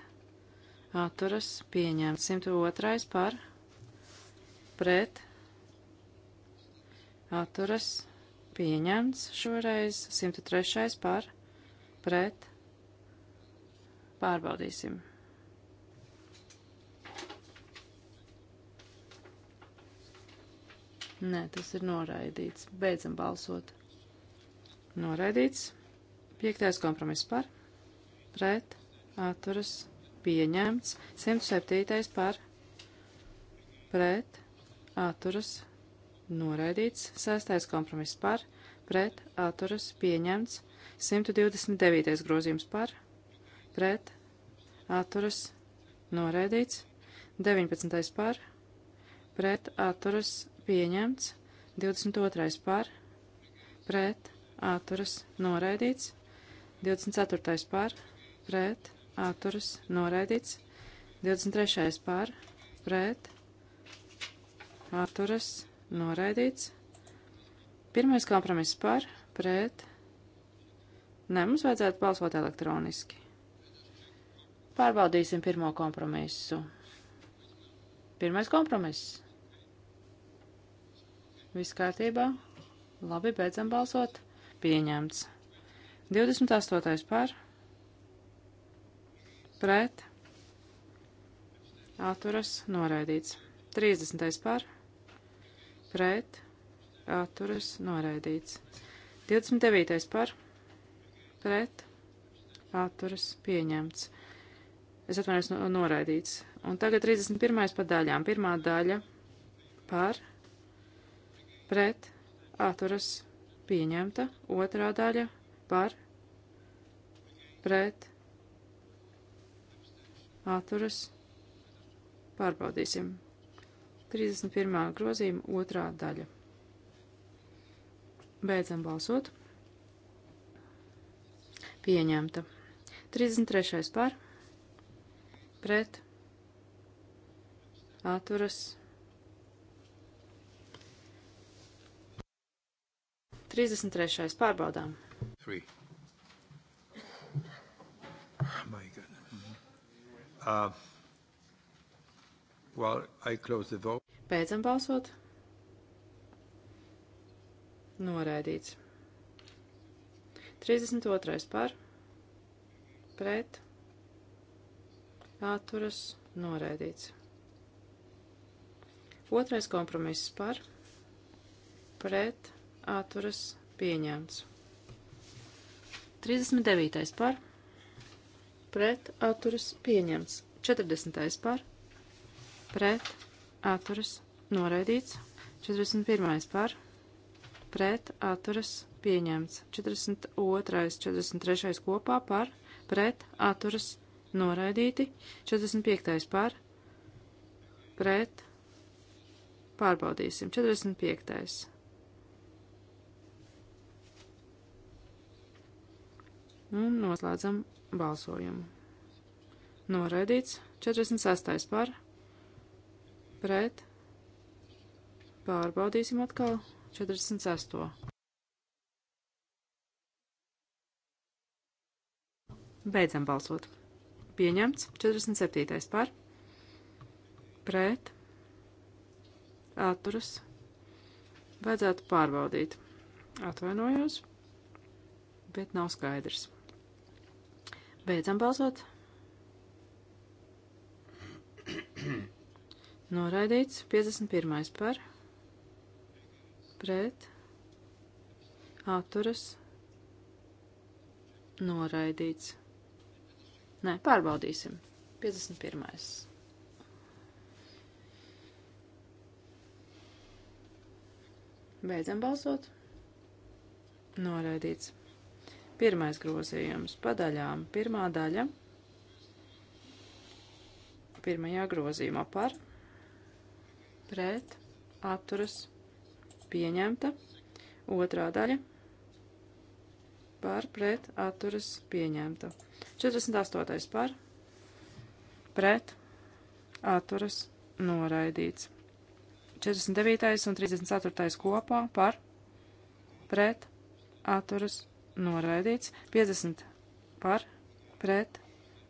Speaker 2: Atturas. Pieņemts. 102 par. Pret. Atturas. Pieņemts šoreiz. 103 par. Pret. Pārbaudīsim. Nē, tas ir noraidīts. Beidzam balsot. Noraidīts. Piektais kompromiss par. Pret. Atturas. Pieņemts. 107. par. Pret. Atturas. Noraidīts. Sestais kompromiss par. Pret. Atturas. Pieņemts. 129. grozījums par. Pret. Atturas. Noraidīts. 19. par. Pret. Atturas pieņemts, 22. par, pret, atturas, noraidīts, 24. par, pret, atturas, noraidīts, 23. par, pret, atturas, noraidīts, pirmais kompromiss par, pret, ne, mums vajadzētu balsot elektroniski. Pārbaudīsim pirmo kompromisu. Pirmais kompromiss. Viss kārtībā. Labi, beidzam balsot. Pieņemts. 28. par. Pret. Atturas noraidīts. 30. par. Pret. Atturas noraidīts. 29. par. Pret. Atturas pieņemts. Es atvainojos noraidīts. Un tagad 31. pa daļām. Pirmā daļa par. Pret pret atturas pieņemta. Otrā daļa par pret atturas pārbaudīsim. 31. grozījuma otrā daļa. Beidzam balsot. Pieņemta. 33. par. Pret. Atturas. 33. pārbaudām.
Speaker 1: Three. Ah, my God. Mm -hmm. uh, well, I close the vote.
Speaker 2: Beidzam balsot. Noraidīts. 32. par. Pret. Atturas. Noraidīts. Otrais kompromiss par. Pret atturas pieņemts. 39. par pret atturas pieņemts. 40. par pret atturas noraidīts. 41. par pret atturas pieņemts. 42. 43. kopā par pret atturas noraidīti. 45. par pret pārbaudīsim. 45. Un noslēdzam balsojumu. Noraidīts 46. par, pret, pārbaudīsim atkal 46. Beidzam balsot. Pieņemts 47. par, pret, atturas, vajadzētu pārbaudīt. Atvainojos, bet nav skaidrs. Beidzam balsot. Noraidīts 51. par pret atturas noraidīts. Nē, pārbaudīsim. 51. Beidzam balsot. Noraidīts. Pirmais grozījums padaļām. Pirmā daļa pirmajā grozījumā par, pret, atturas, pieņemta. Otrā daļa par, pret, atturas, pieņemta. 48. par, pret, atturas, noraidīts. 49. un 34. kopā par, pret, atturas, pieņemta noraidīts, 50 par, pret,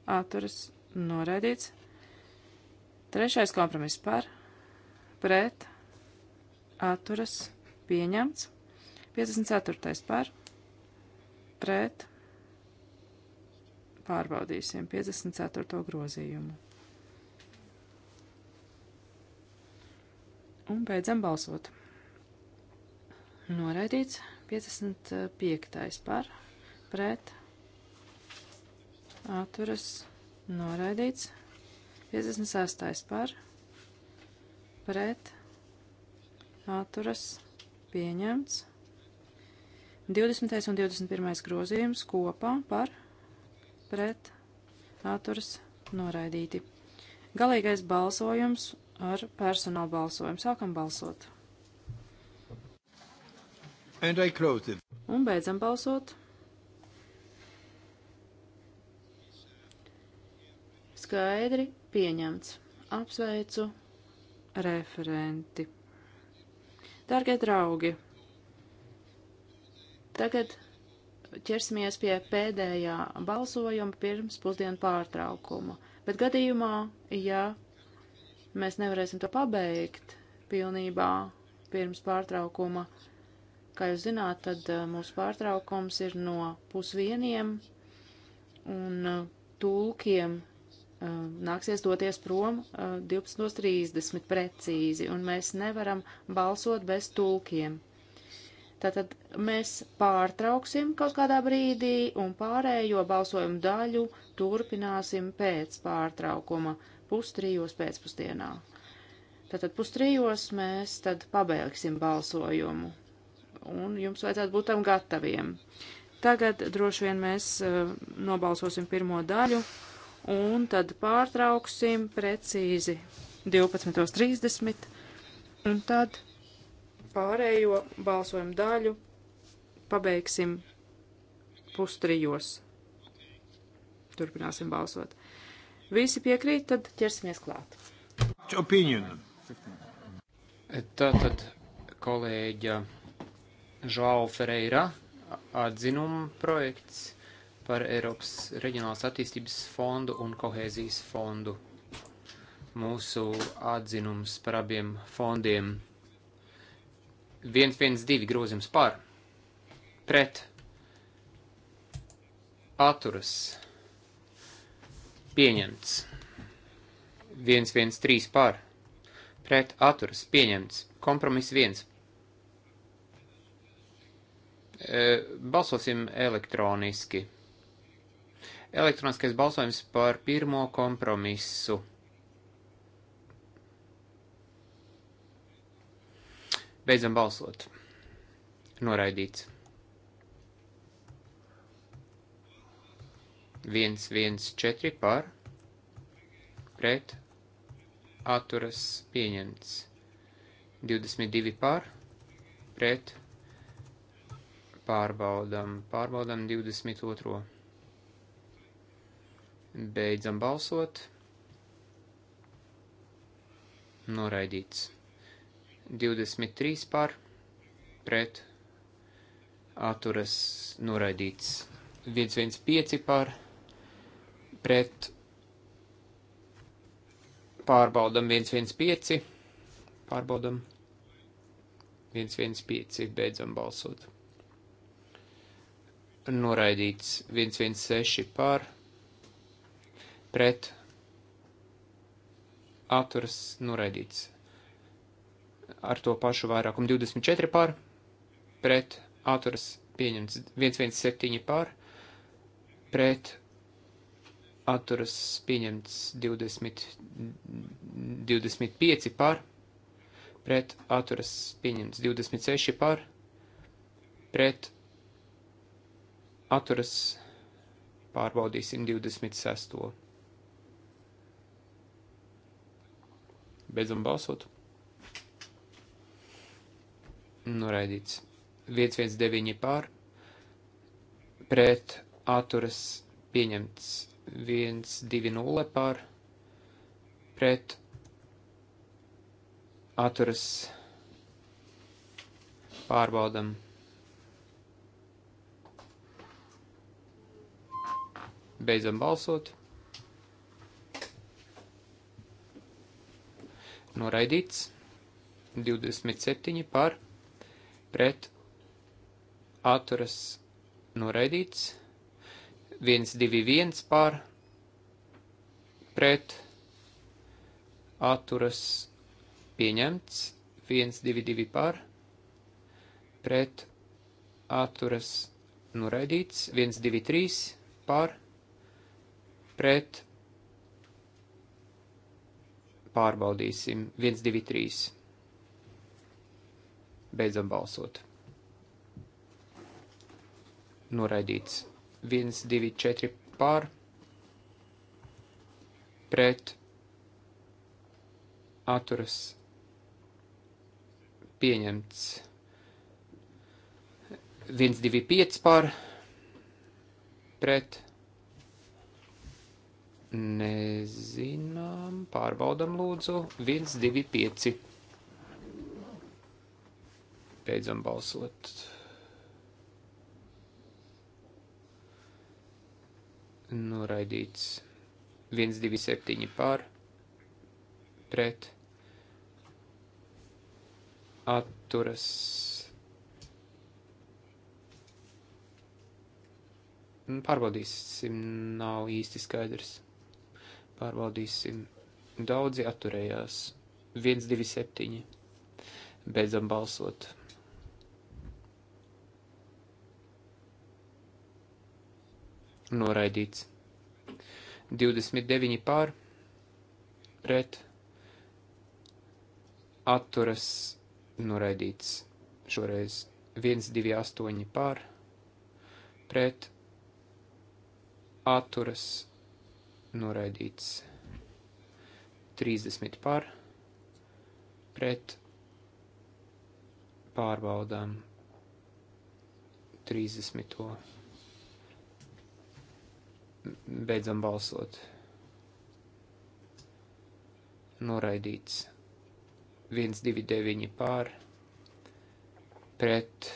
Speaker 2: atturas, noraidīts, trešais kompromiss par, pret, atturas, pieņemts, 54 par, pret, pārbaudīsim 54. grozījumu. Un beidzam balsot. Noraidīts 55. par pret atturas noraidīts. 56. par pret atturas pieņemts. 20. un 21. grozījums kopā par pret atturas noraidīti. Galīgais balsojums ar personālu balsojumu. Sākam balsot!
Speaker 1: Un
Speaker 2: beidzam balsot. Skaidri pieņemts. Apsveicu referenti. Dargie draugi, tagad ķersimies pie pēdējā balsojuma pirms pusdienu pārtraukuma. Bet gadījumā, ja mēs nevarēsim to pabeigt pilnībā pirms pārtraukuma, uh, Kā jūs zināt, tad eh, mūsu pārtraukums ir no pusvieniem un eh, tulkiem eh, nāksies doties prom 12.30 precīzi, un mēs nevaram balsot bez tulkiem. Tātad mēs pārtrauksim kaut kādā brīdī un pārējo balsojumu daļu turpināsim pēc pārtraukuma pustrijos pēcpusdienā. Tātad pustrijos mēs tad pabeigsim balsojumu un jums vajadzētu būt tam gataviem. Tagad droši vien mēs e, nobalsosim pirmo daļu, un tad pārtrauksim precīzi 12.30, un tad pārējo balsojumu daļu pabeigsim pustrijos. Turpināsim balsot. Visi piekrīt, tad ķersimies klāt.
Speaker 3: Opinion. Tātad kolēģa Žāla Ferreira atzinuma projekts par Eiropas reģionālās attīstības fondu un kohēzijas fondu. Mūsu atzinums par abiem fondiem 112 grozījums par, pret, atturas, pieņemts, 113 par, pret, atturas, pieņemts, kompromiss 1 E, balsosim elektroniski. Elektroniskais balsojums par pirmo kompromisu. Beidzam balsot. Noraidīts. 114 par pret atturas pieņemts. 22 par pret atturas pieņemts Pārbaudam, pārbaudam 22. Beidzam balsot. Noraidīts. 23 par, pret, atturas noraidīts. 115 par, pret, pārbaudam 115, pārbaudam 115, beidzam balsot noraidīts 116 pār, pret, atturas noraidīts ar to pašu vairākumu 24 pār, pret, atturas pieņemts 117 pār, pret, atturas pieņemts 20, 25 pār, pret, atturas pieņemts 26 pār, pret, atturas pārbaudīsim 26. Beidzam balsot. Noraidīts. 119 pār. Pret atturas pieņemts 120 pār. Pret atturas pārbaudam 1. Beidzam balsot. Noraidīts. 27 par pret atturas noraidīts. 1, 2, 1 par pret atturas pieņemts. 1, 2, 2 par pret atturas noraidīts. 1, 2, 3 par pret pret pārbaudīsim 1, 2, 3. Beidzam balsot. Noraidīts 1, 2, 4 pār pret atturas pieņemts 1, 2, 5 pār pret Nezinām, pārbaudam lūdzu. 1, 2, 5. Beidzam balsot. Noraidīts. 1, 2, 7 pār. Pret. Atturas. Pārbaudīsim, nav īsti skaidrs. Pārbaudīsim. Daudzi atturējās. 1, 2, 7. Beidzam balsot. Noraidīts. 29 pār, pret, atturas, noraidīts. Šoreiz 1, 2, 8 pār, pret, atturas, noraidīts 30 par, pret pārbaudām 30. Beidzam balsot. Noraidīts 129 pār, pret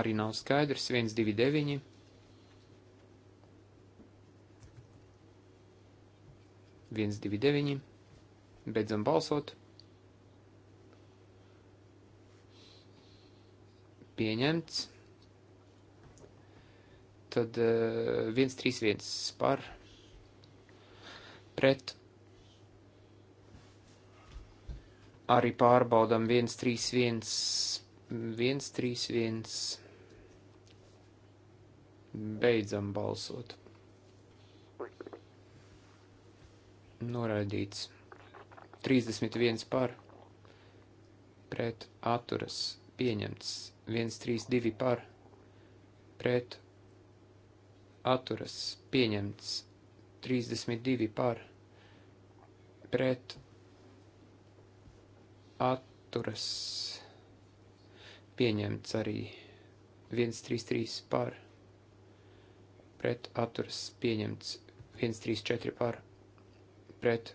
Speaker 3: arī nav skaidrs 129. 199. Beidzam balsot. Pieņemts. Tad 131 eh, par pret. Arī pārbaudam 131, 131. Beidzam balsot. Noraidīts. 31 par. Pret atturas. Pieņemts. 132 par. Pret atturas. Pieņemts. 32 par. Pret atturas. Pieņemts arī 133 par. Pret atturas. Pieņemts 134 par pret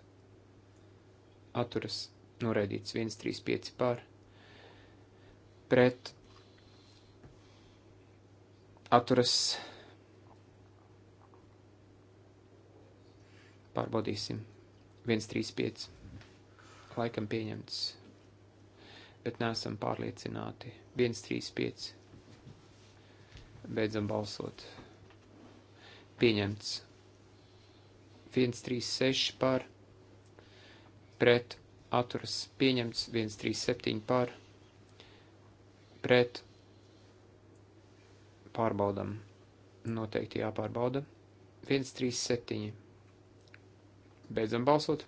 Speaker 3: atturas noraidīts 135 pār pret atturas pārbaudīsim 135 laikam pieņemts bet neesam pārliecināti 135 beidzam balsot pieņemts 136 par, pret atturas pieņemts 137 par, pret pārbaudam, noteikti jāpārbauda, 137. Beidzam balsot.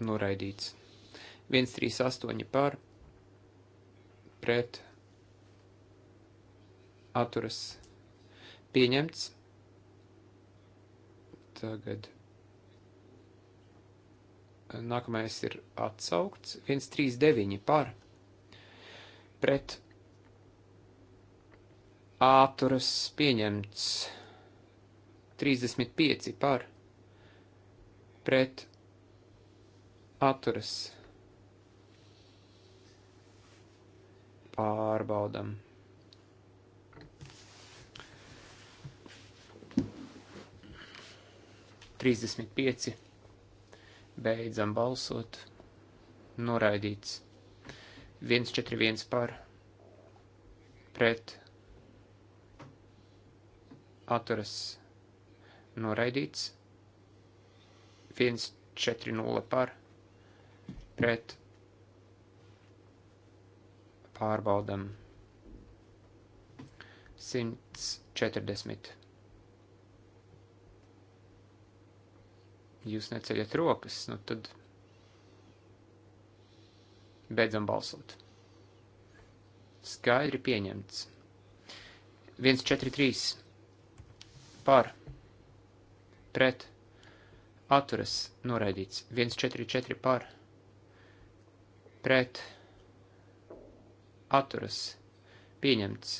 Speaker 3: Noraidīts. 138 par, pret atturas pieņemts Pieņemts. Tagad. Nākamais ir atsaukts. 139 par. Pret. Āturas pieņemts. 35 par. Pret. Āturas. Pārbaudam. 35. Beidzam balsot. Noraidīts. 141 par. Pret. Atturas. Noraidīts. 140 par. Pret. Pārbaudam. 140. jūs neceļat rokas, nu tad beidzam balsot. Skaidri pieņemts. 143 par pret atturas noraidīts. 144 par pret atturas pieņemts.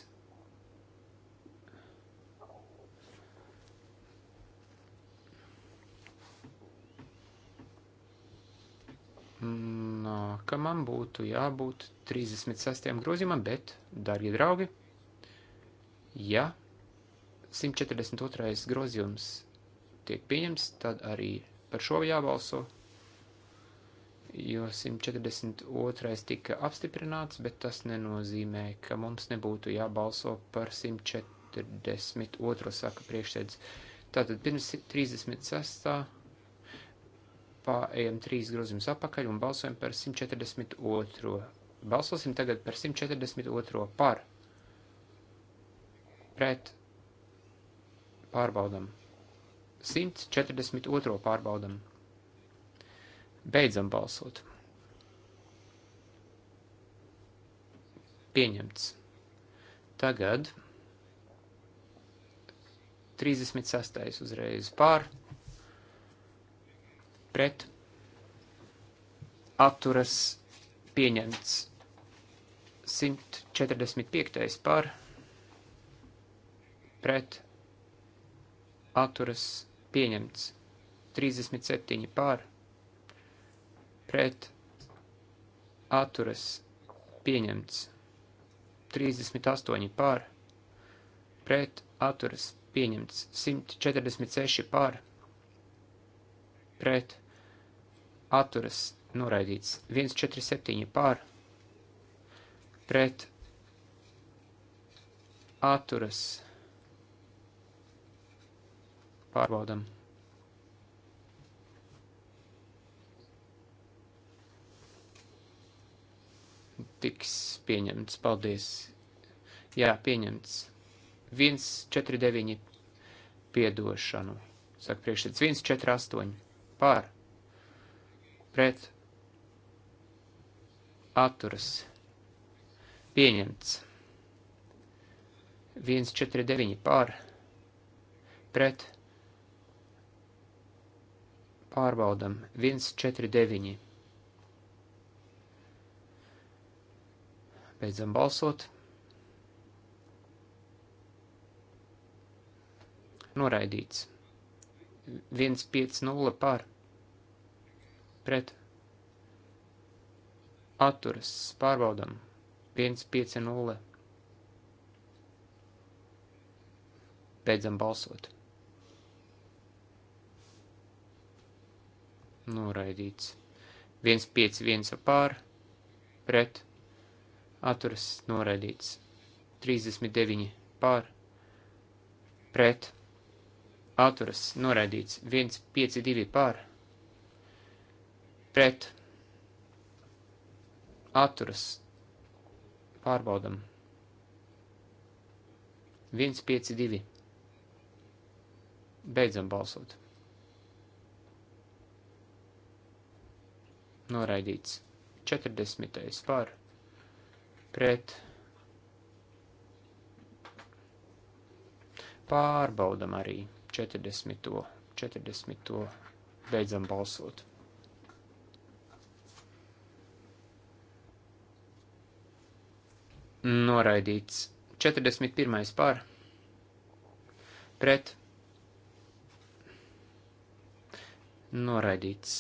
Speaker 3: likumam būtu jābūt 36. grozījumam, bet, darbie draugi, ja 142. grozījums tiek pieņems, tad arī par šo jābalso, jo 142. tika apstiprināts, bet tas nenozīmē, ka mums nebūtu jābalso par 142. saka priekšsēdz. Tātad pirms 36. Pārējiem trīs grozījumus apakaļ un balsojam par 142. Balsosim tagad par 142. par. Pret. Pārbaudam. 142. pārbaudam. Beidzam balsot. Pieņemts. Tagad 36. uzreiz pār pret atturas pieņemts. 145. par pret atturas pieņemts. 37 par pret atturas pieņemts. 38 par pret atturas pieņemts. 146 par pret atturas noraidīts. 147 pār pret atturas pārbaudam. Tiks pieņemts, paldies. Jā, pieņemts. 149 piedošanu. Saka priekšsēdz 148 pār pret atturas pieņemts. 149 pār pret pārbaudam 149. Beidzam balsot. Noraidīts. 150 pār pret atturas pārbaudam 150. Beidzam balsot. Noraidīts. 151 pār pret atturas noraidīts. 39 pār pret atturas noraidīts. 152 pār pret pret atturas pārbaudam. 152. Beidzam balsot. Noraidīts. 40. par pret pārbaudam arī 40. 40. beidzam balsot. Noraidīts. 41. pār. Pret. Noraidīts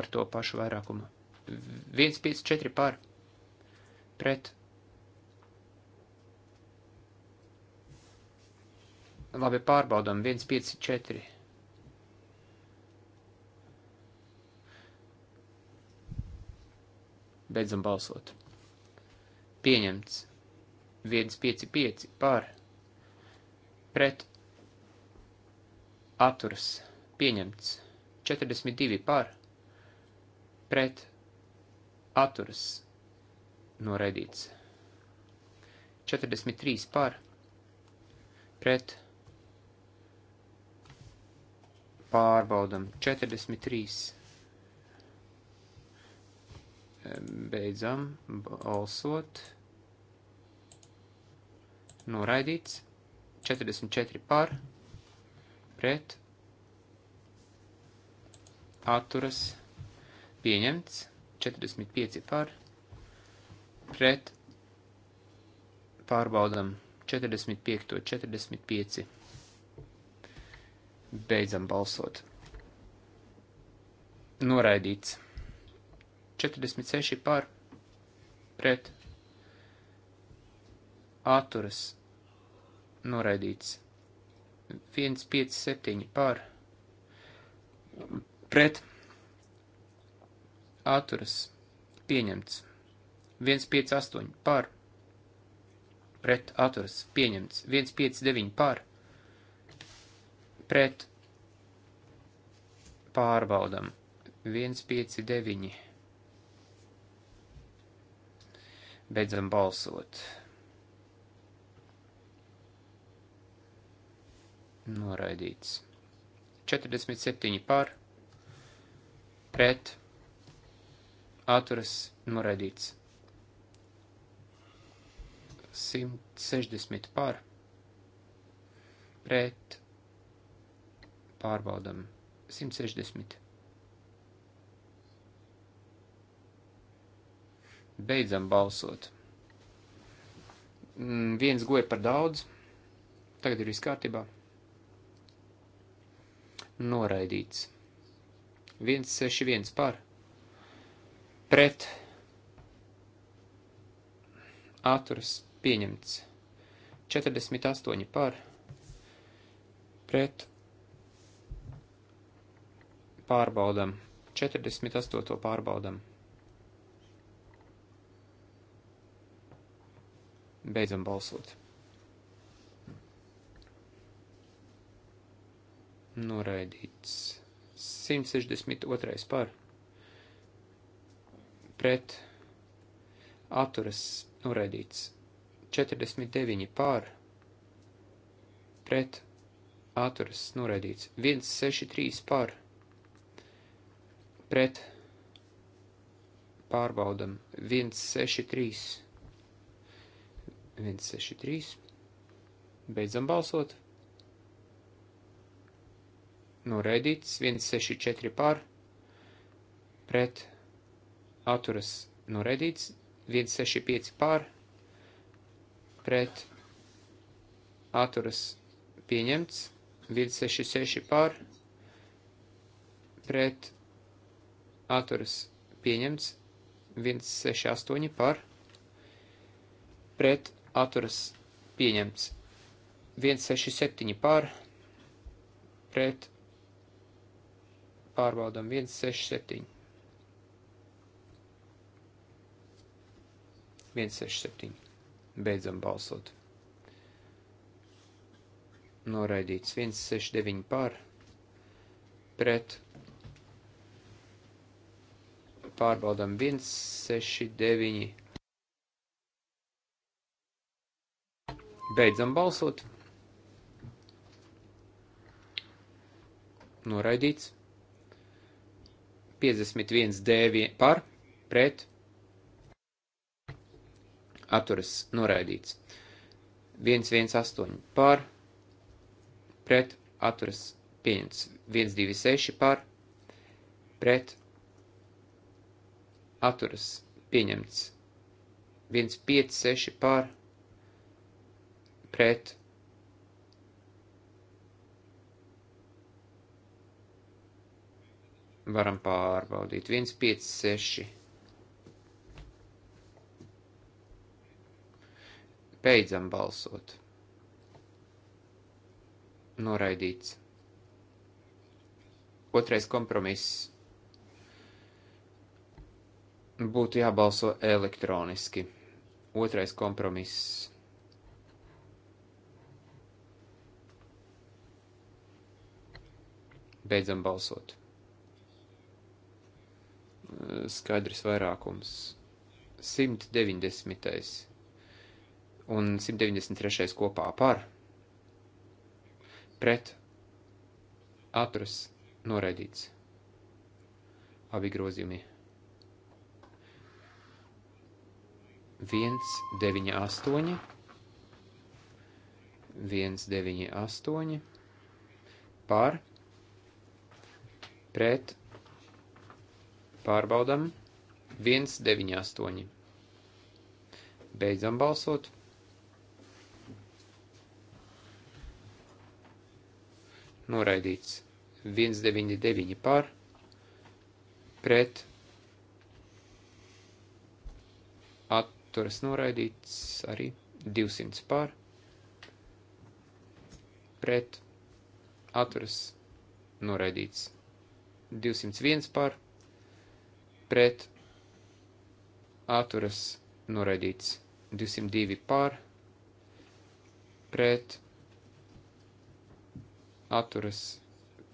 Speaker 3: ar to pašu vairākumu. 154 pār. Pret. Labi, pārbaudām 154. Beidzam balsot. Pieņemts. 155 par pret atturs pieņemts 42 par pret atturs noraidīts 43 par pret pārbaudam 43 beidzam balsot noraidīts, 44 par, pret, atturas, pieņemts, 45 par, pret, pārbaudam, 45 to 45, beidzam balsot, noraidīts, 46 par, pret, atturas noraidīts. 157 par pret atturas pieņemts. 158 par pret atturas pieņemts. 159 par pret pārbaudam. 159. Beidzam balsot. noraidīts. 47 par, pret, atturas, noraidīts. 160 par, pret, pārbaudam, 160. Beidzam balsot. Mm, viens goja par daudz, tagad ir viss kārtībā noraidīts. 161 par, pret, atturas pieņemts. 48 par, pret, pārbaudam. 48 pārbaudam. Beidzam balsot. noraidīts. 162. par pret atturas noraidīts. 49 par pret atturas noraidīts. 163 par pret pārbaudam 163. 163. Beidzam balsot noraidīts, 164 pār, pret atturas noraidīts, 165 pār, pret atturas pieņemts, 166 pār, pret atturas pieņemts, 168 par, pret atturas pieņemts 167 par, pret Pārbaudam 167. 167. Beidzam balsot. Noraidīts 169 pār pret. Pārbaudam 169. Beidzam balsot. Noraidīts 51 dēvie par, pret, atturas noraidīts. 118 par, pret, atturas pieņemts. 126 par, pret, atturas pieņemts. 156 par, pret, Varam pārbaudīt. 1, 5, 6. Beidzam balsot. Noraidīts. Otrais kompromiss. Būtu jābalso elektroniski. Otrais kompromiss. Beidzam balsot skaidrs vairākums. 190. un 193. kopā par, pret, atturas, noraidīts. Abi grozījumi. 198, 198, par, pret, Pārbaudam. 198. Beidzam balsot. Noraidīts. 199 par. Pret. Atturas noraidīts arī 200 par. Pret. Atturas noraidīts. 201 par pret atturas noraidīts 202 pār pret atturas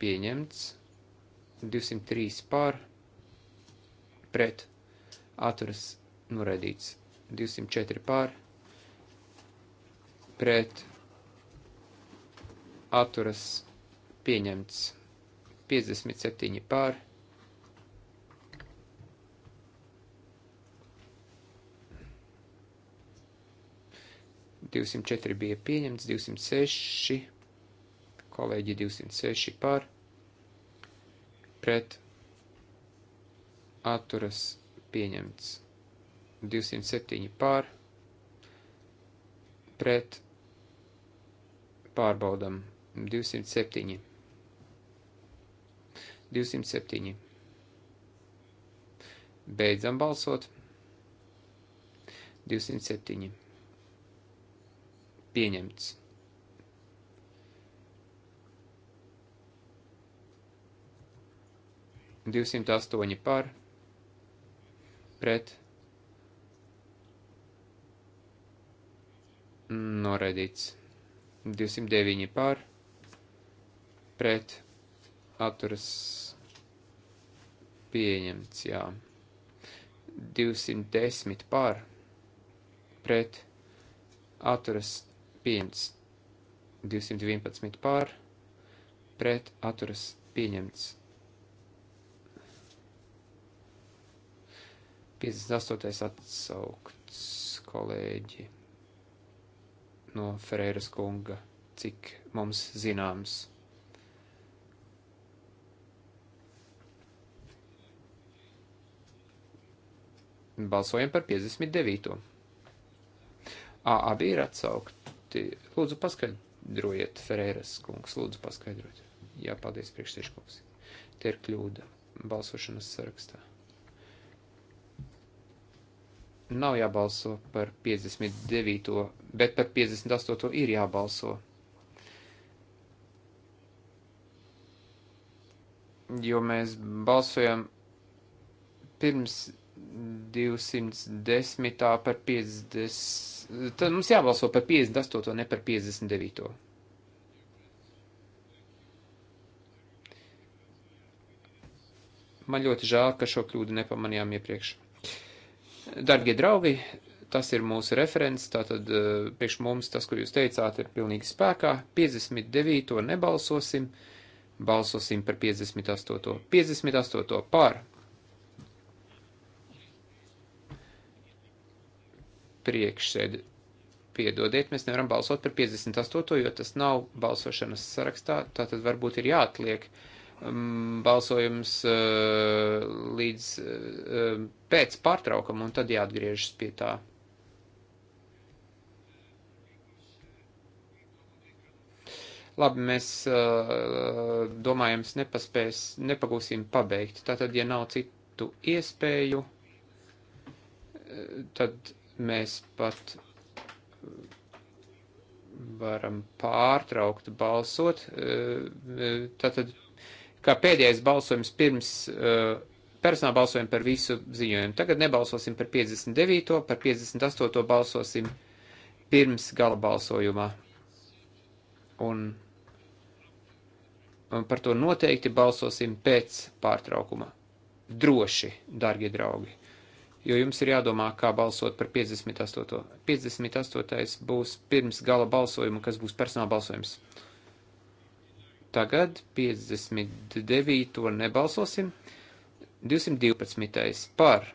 Speaker 3: pieņemts 203 pār pret atturas noraidīts 204 pār pret atturas pieņemts 57 pār 204 bija pieņemts, 206, kolēģi 206 par, pret atturas pieņemts, 207 par, pret pārbaudam, 207, 207. Beidzam balsot. 207 pieņemts. Divsimt astoņi par, pret, noraidīts. 209 par, pret, atturas pieņemts, jā. 210 par, pret, atturas pieņemts. 211 pār, pret atturas pieņemts. 58. atsaukts kolēģi no Ferēras kunga, cik mums zināms. Balsojam par 59. A, abi ir atsaukti. Tai lūdzu paskaidrojiet, Ferreiras kungs, lūdzu paskaidrojiet. Jā, paldies priekšsēžkungs. Te ir kļūda balsošanas sarakstā. Nav jābalso par 59, bet par 58 ir jābalso. Jo mēs balsojam pirms 210. par 50 tad mums jābalso par 58, ne par 59. Man ļoti žēl, ka šo kļūdu nepamanījām iepriekš. Dargie draugi, tas ir mūsu referents, tātad eh, priekš mums tas, ko jūs teicāt, ir pilnīgi spēkā. 59. nebalsosim, balsosim par 58. 58. par priekšsēdi. Piedodiet, mēs nevaram balsot par 58, jo tas nav balsošanas sarakstā, tātad varbūt ir jāatliek mm, balsojums eh, līdz eh, pēc pārtraukuma un tad jāatgriežas pie tā. labi, mēs uh, domājam, nepaspēs, nepagūsim pabeigt. Tātad, ja nav citu iespēju, tad Mēs pat varam pārtraukt balsot. Tātad, kā pēdējais balsojums pirms personāla balsojuma par visu ziņojumu. Tagad nebalsosim par 59. par 58. balsosim pirms gala balsojumā. Un, un par to noteikti balsosim pēc pārtraukuma. Droši, dārgie draugi jo jums ir jādomā, kā balsot par 58. 58. būs pirms gala balsojuma, kas būs personāla balsojums. Tagad 59. nebalsosim. 212. par,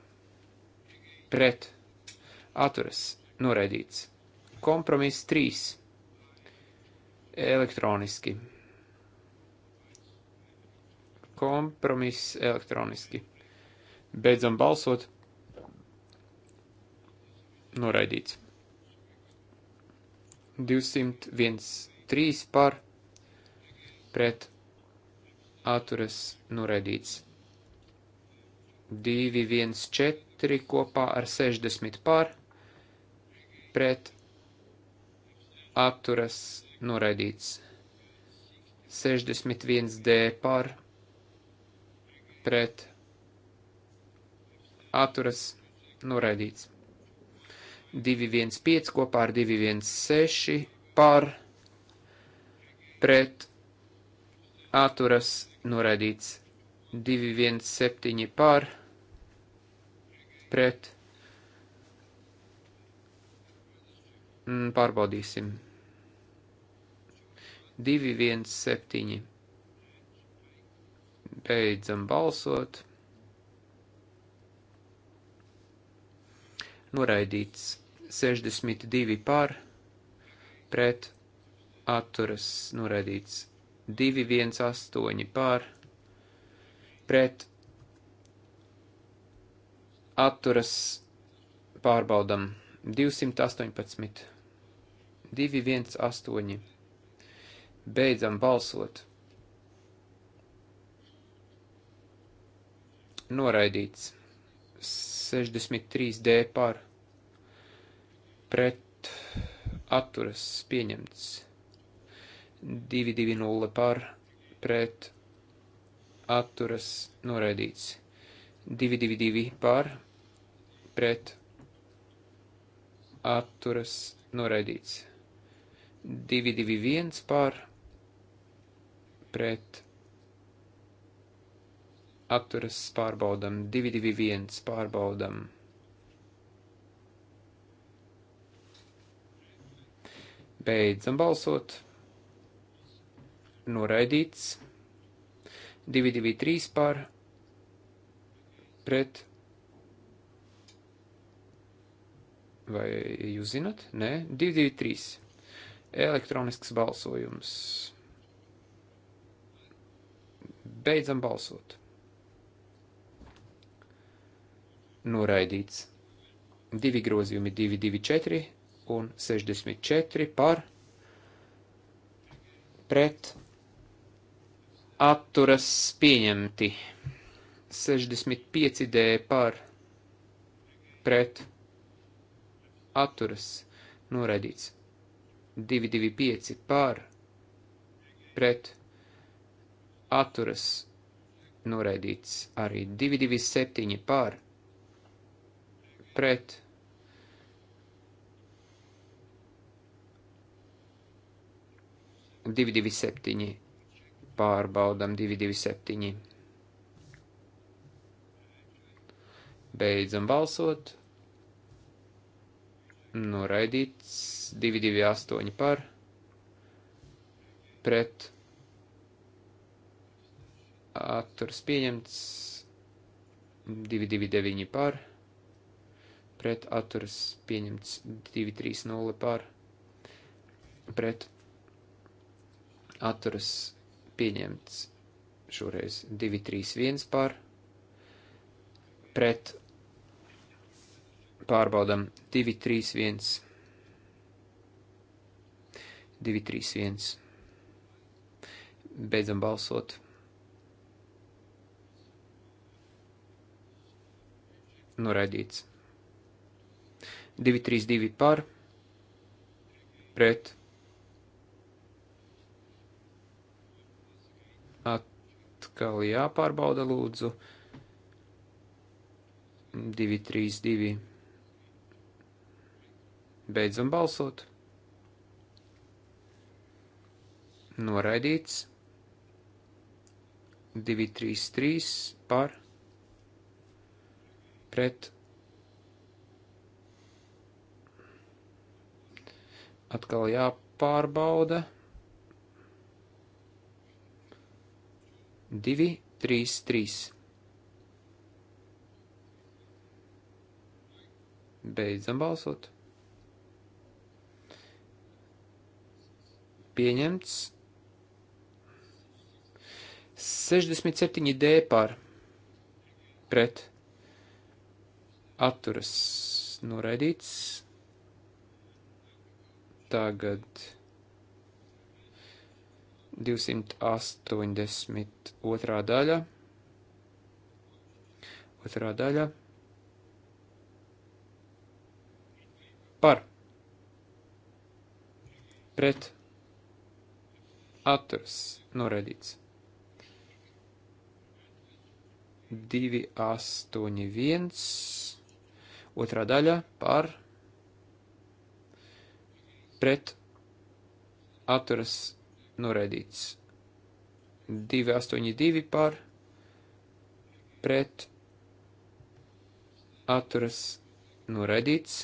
Speaker 3: pret, atturas, noraidīts. Kompromiss 3. Elektroniski. Kompromiss elektroniski. Beidzam balsot noraidīts. 201.3 par pret atturas noraidīts. 214 kopā ar 60 par pret atturas noraidīts. 61D par pret atturas noraidīts. 215 kopā ar 216 par pret atturas noraidīts 217 par pret mm, pārbaudīsim 217 beidzam balsot noraidīts 62 par, pret atturas noraidīts 218 par, pret atturas pārbaudam 218, 218, beidzam balsot. Noraidīts 63D par pret atturas pieņemts. 220 par pret atturas noraidīts. 222 par pret atturas noraidīts. 221 par pret atturas pārbaudam. 221 pārbaudam. Beidzam balsot. Noraidīts. 223 pār pret. Vai jūs zinat? Nē, 223. Elektronisks balsojums. Beidzam balsot. Noraidīts. Divi grozījumi 224 un 64 par pret atturas pieņemti. 65 D par pret atturas noraidīts. 225 par pret atturas noraidīts. Arī 227 par pret atturas 227. Pārbaudam 227. Beidzam balsot. Noraidīts 228 par pret atturs pieņemts 229 par pret atturs pieņemts 230 par pret atturas pieņemts šoreiz 231 pār, pret pārbaudam 231, 231, beidzam balsot. Noraidīts. 232 par, pret atkal jāpārbauda lūdzu. 2, 3, 2. Beidzam balsot. Noraidīts. 2, 3, 3 par pret atkal jāpārbauda. 2, 3, 3. 2, 3, 3. Beidzam balsot. Pieņemts 67 D par pret atturas noraidīts. Tagad 282. daļa. Otrā daļa. Par. Pret. Atturs. Noraidīts. 281. Otrā daļa. Par. Pret. Atturs noraidīts. 282 par pret atturas noraidīts,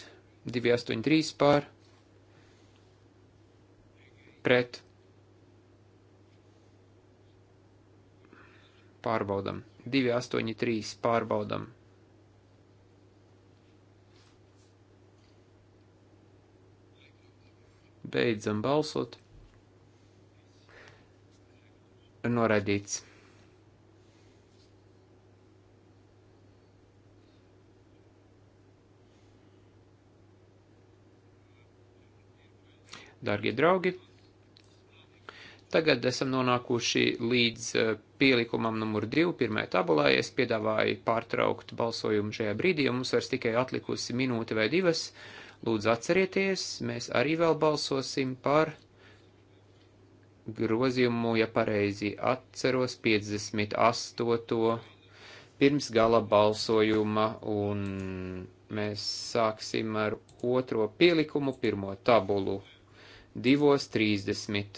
Speaker 3: 283 par pret pārbaudam, 283 pārbaudam. Beidzam balsot noraidīts. Dargie draugi, tagad esam nonākuši līdz eh, pielikumam numur 2, pirmai tabulā. Es piedāvāju pārtraukt balsojumu šajā brīdī, jo mums vairs tikai atlikusi minūte vai divas. Lūdzu atcerieties, mēs arī vēl balsosim par grozījumu, ja pareizi atceros, 58. pirms gala balsojuma, un mēs sāksim ar otro pielikumu, pirmo tabulu, 2.30.